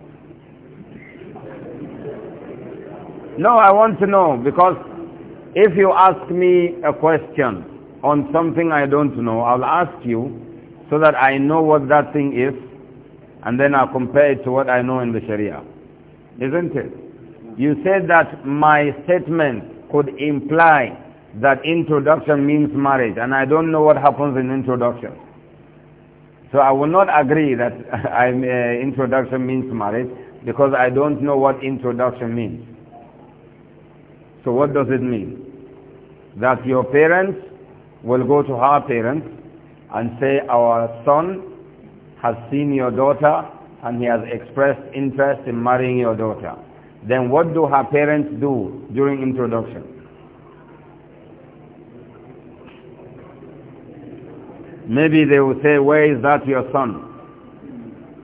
No, I want to know because if you ask me a question on something I don't know, I'll ask you so that I know what that thing is and then I'll compare it to what I know in the Sharia. Isn't it? You said that my statement could imply that introduction means marriage and I don't know what happens in introduction. So I will not agree that *laughs* uh, introduction means marriage because I don't know what introduction means. So what does it mean? That your parents will go to her parents and say, our son has seen your daughter and he has expressed interest in marrying your daughter. Then what do her parents do during introduction? Maybe they will say, where is that your son?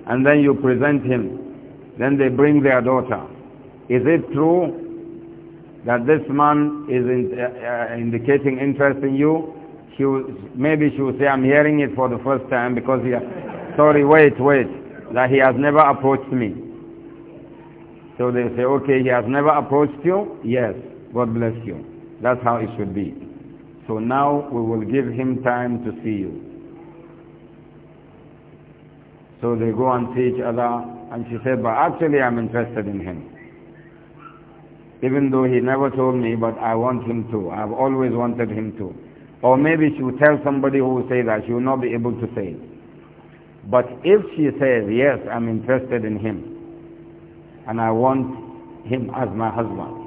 And then you present him. Then they bring their daughter. Is it true that this man is in, uh, uh, indicating interest in you, she will, maybe she will say, I'm hearing it for the first time because he, sorry, wait, wait, that he has never approached me. So they say, okay, he has never approached you? Yes, God bless you. That's how it should be. So now we will give him time to see you. So they go and see each other, and she said, but actually I'm interested in him even though he never told me, but I want him to. I've always wanted him to. Or maybe she will tell somebody who will say that. She will not be able to say it. But if she says, yes, I'm interested in him, and I want him as my husband,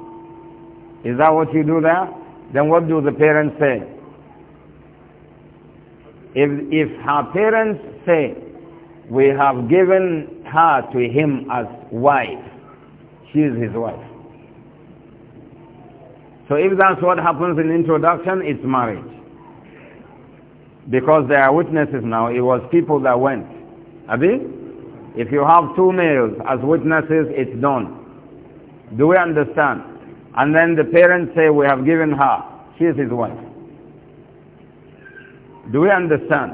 is that what you do there? Then what do the parents say? If, if her parents say, we have given her to him as wife, she is his wife. So if that's what happens in introduction, it's marriage. Because there are witnesses now. It was people that went. Abi? If you have two males as witnesses, it's done. Do we understand? And then the parents say, we have given her. She is his wife. Do we understand?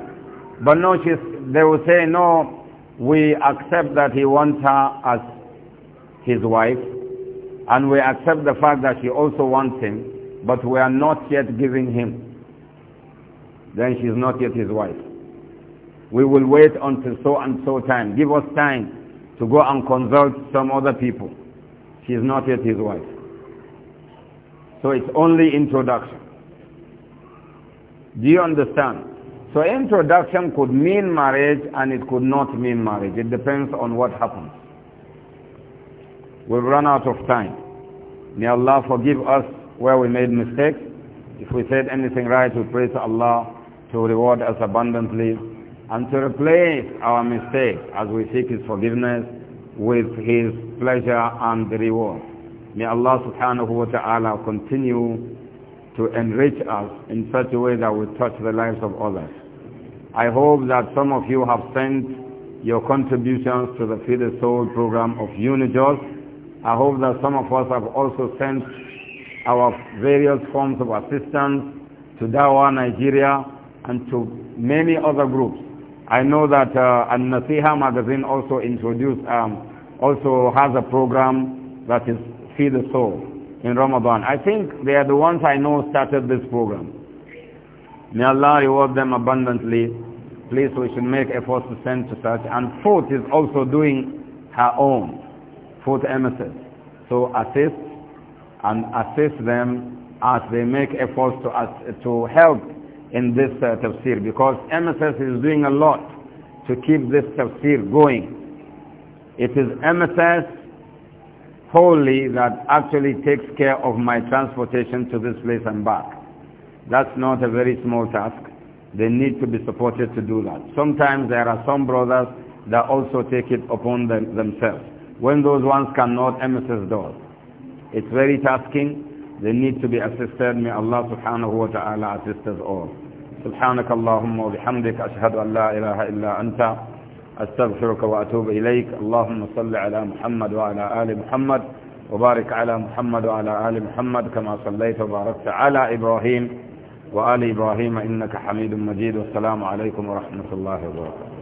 But no, she's, they will say, no, we accept that he wants her as his wife and we accept the fact that she also wants him, but we are not yet giving him. Then she is not yet his wife. We will wait until so and so time. Give us time to go and consult some other people. She is not yet his wife. So it's only introduction. Do you understand? So introduction could mean marriage and it could not mean marriage. It depends on what happens. We've run out of time. May Allah forgive us where we made mistakes. If we said anything right, we praise Allah to reward us abundantly and to replace our mistakes as we seek His forgiveness with His pleasure and reward. May Allah subhanahu wa ta'ala continue to enrich us in such a way that we touch the lives of others. I hope that some of you have sent your contributions to the Feed the Soul program of UNIJOS I hope that some of us have also sent our various forms of assistance to Dawa Nigeria and to many other groups. I know that uh, An-Nasiha magazine also introduced, um, also has a program that is Feed the Soul in Ramadan. I think they are the ones I know started this program. May Allah reward them abundantly. Please, we should make efforts to send to such. And Fourth is also doing her own quote emissaries. So assist and assist them as they make efforts to, to help in this uh, tafsir because MSS is doing a lot to keep this tafsir going. It is MSS wholly that actually takes care of my transportation to this place and back. That's not a very small task. They need to be supported to do that. Sometimes there are some brothers that also take it upon them, themselves. when those ones cannot, emissaries does. It's very tasking. They need to be assisted. May Allah subhanahu wa ta'ala assist us all. سبحانك اللهم وبحمدك أشهد أن لا إله إلا أنت أستغفرك وأتوب إليك اللهم صل على محمد وعلى آل محمد وبارك على محمد وعلى آل محمد كما صليت وباركت على إبراهيم وآل إبراهيم إنك حميد مجيد والسلام عليكم ورحمة الله وبركاته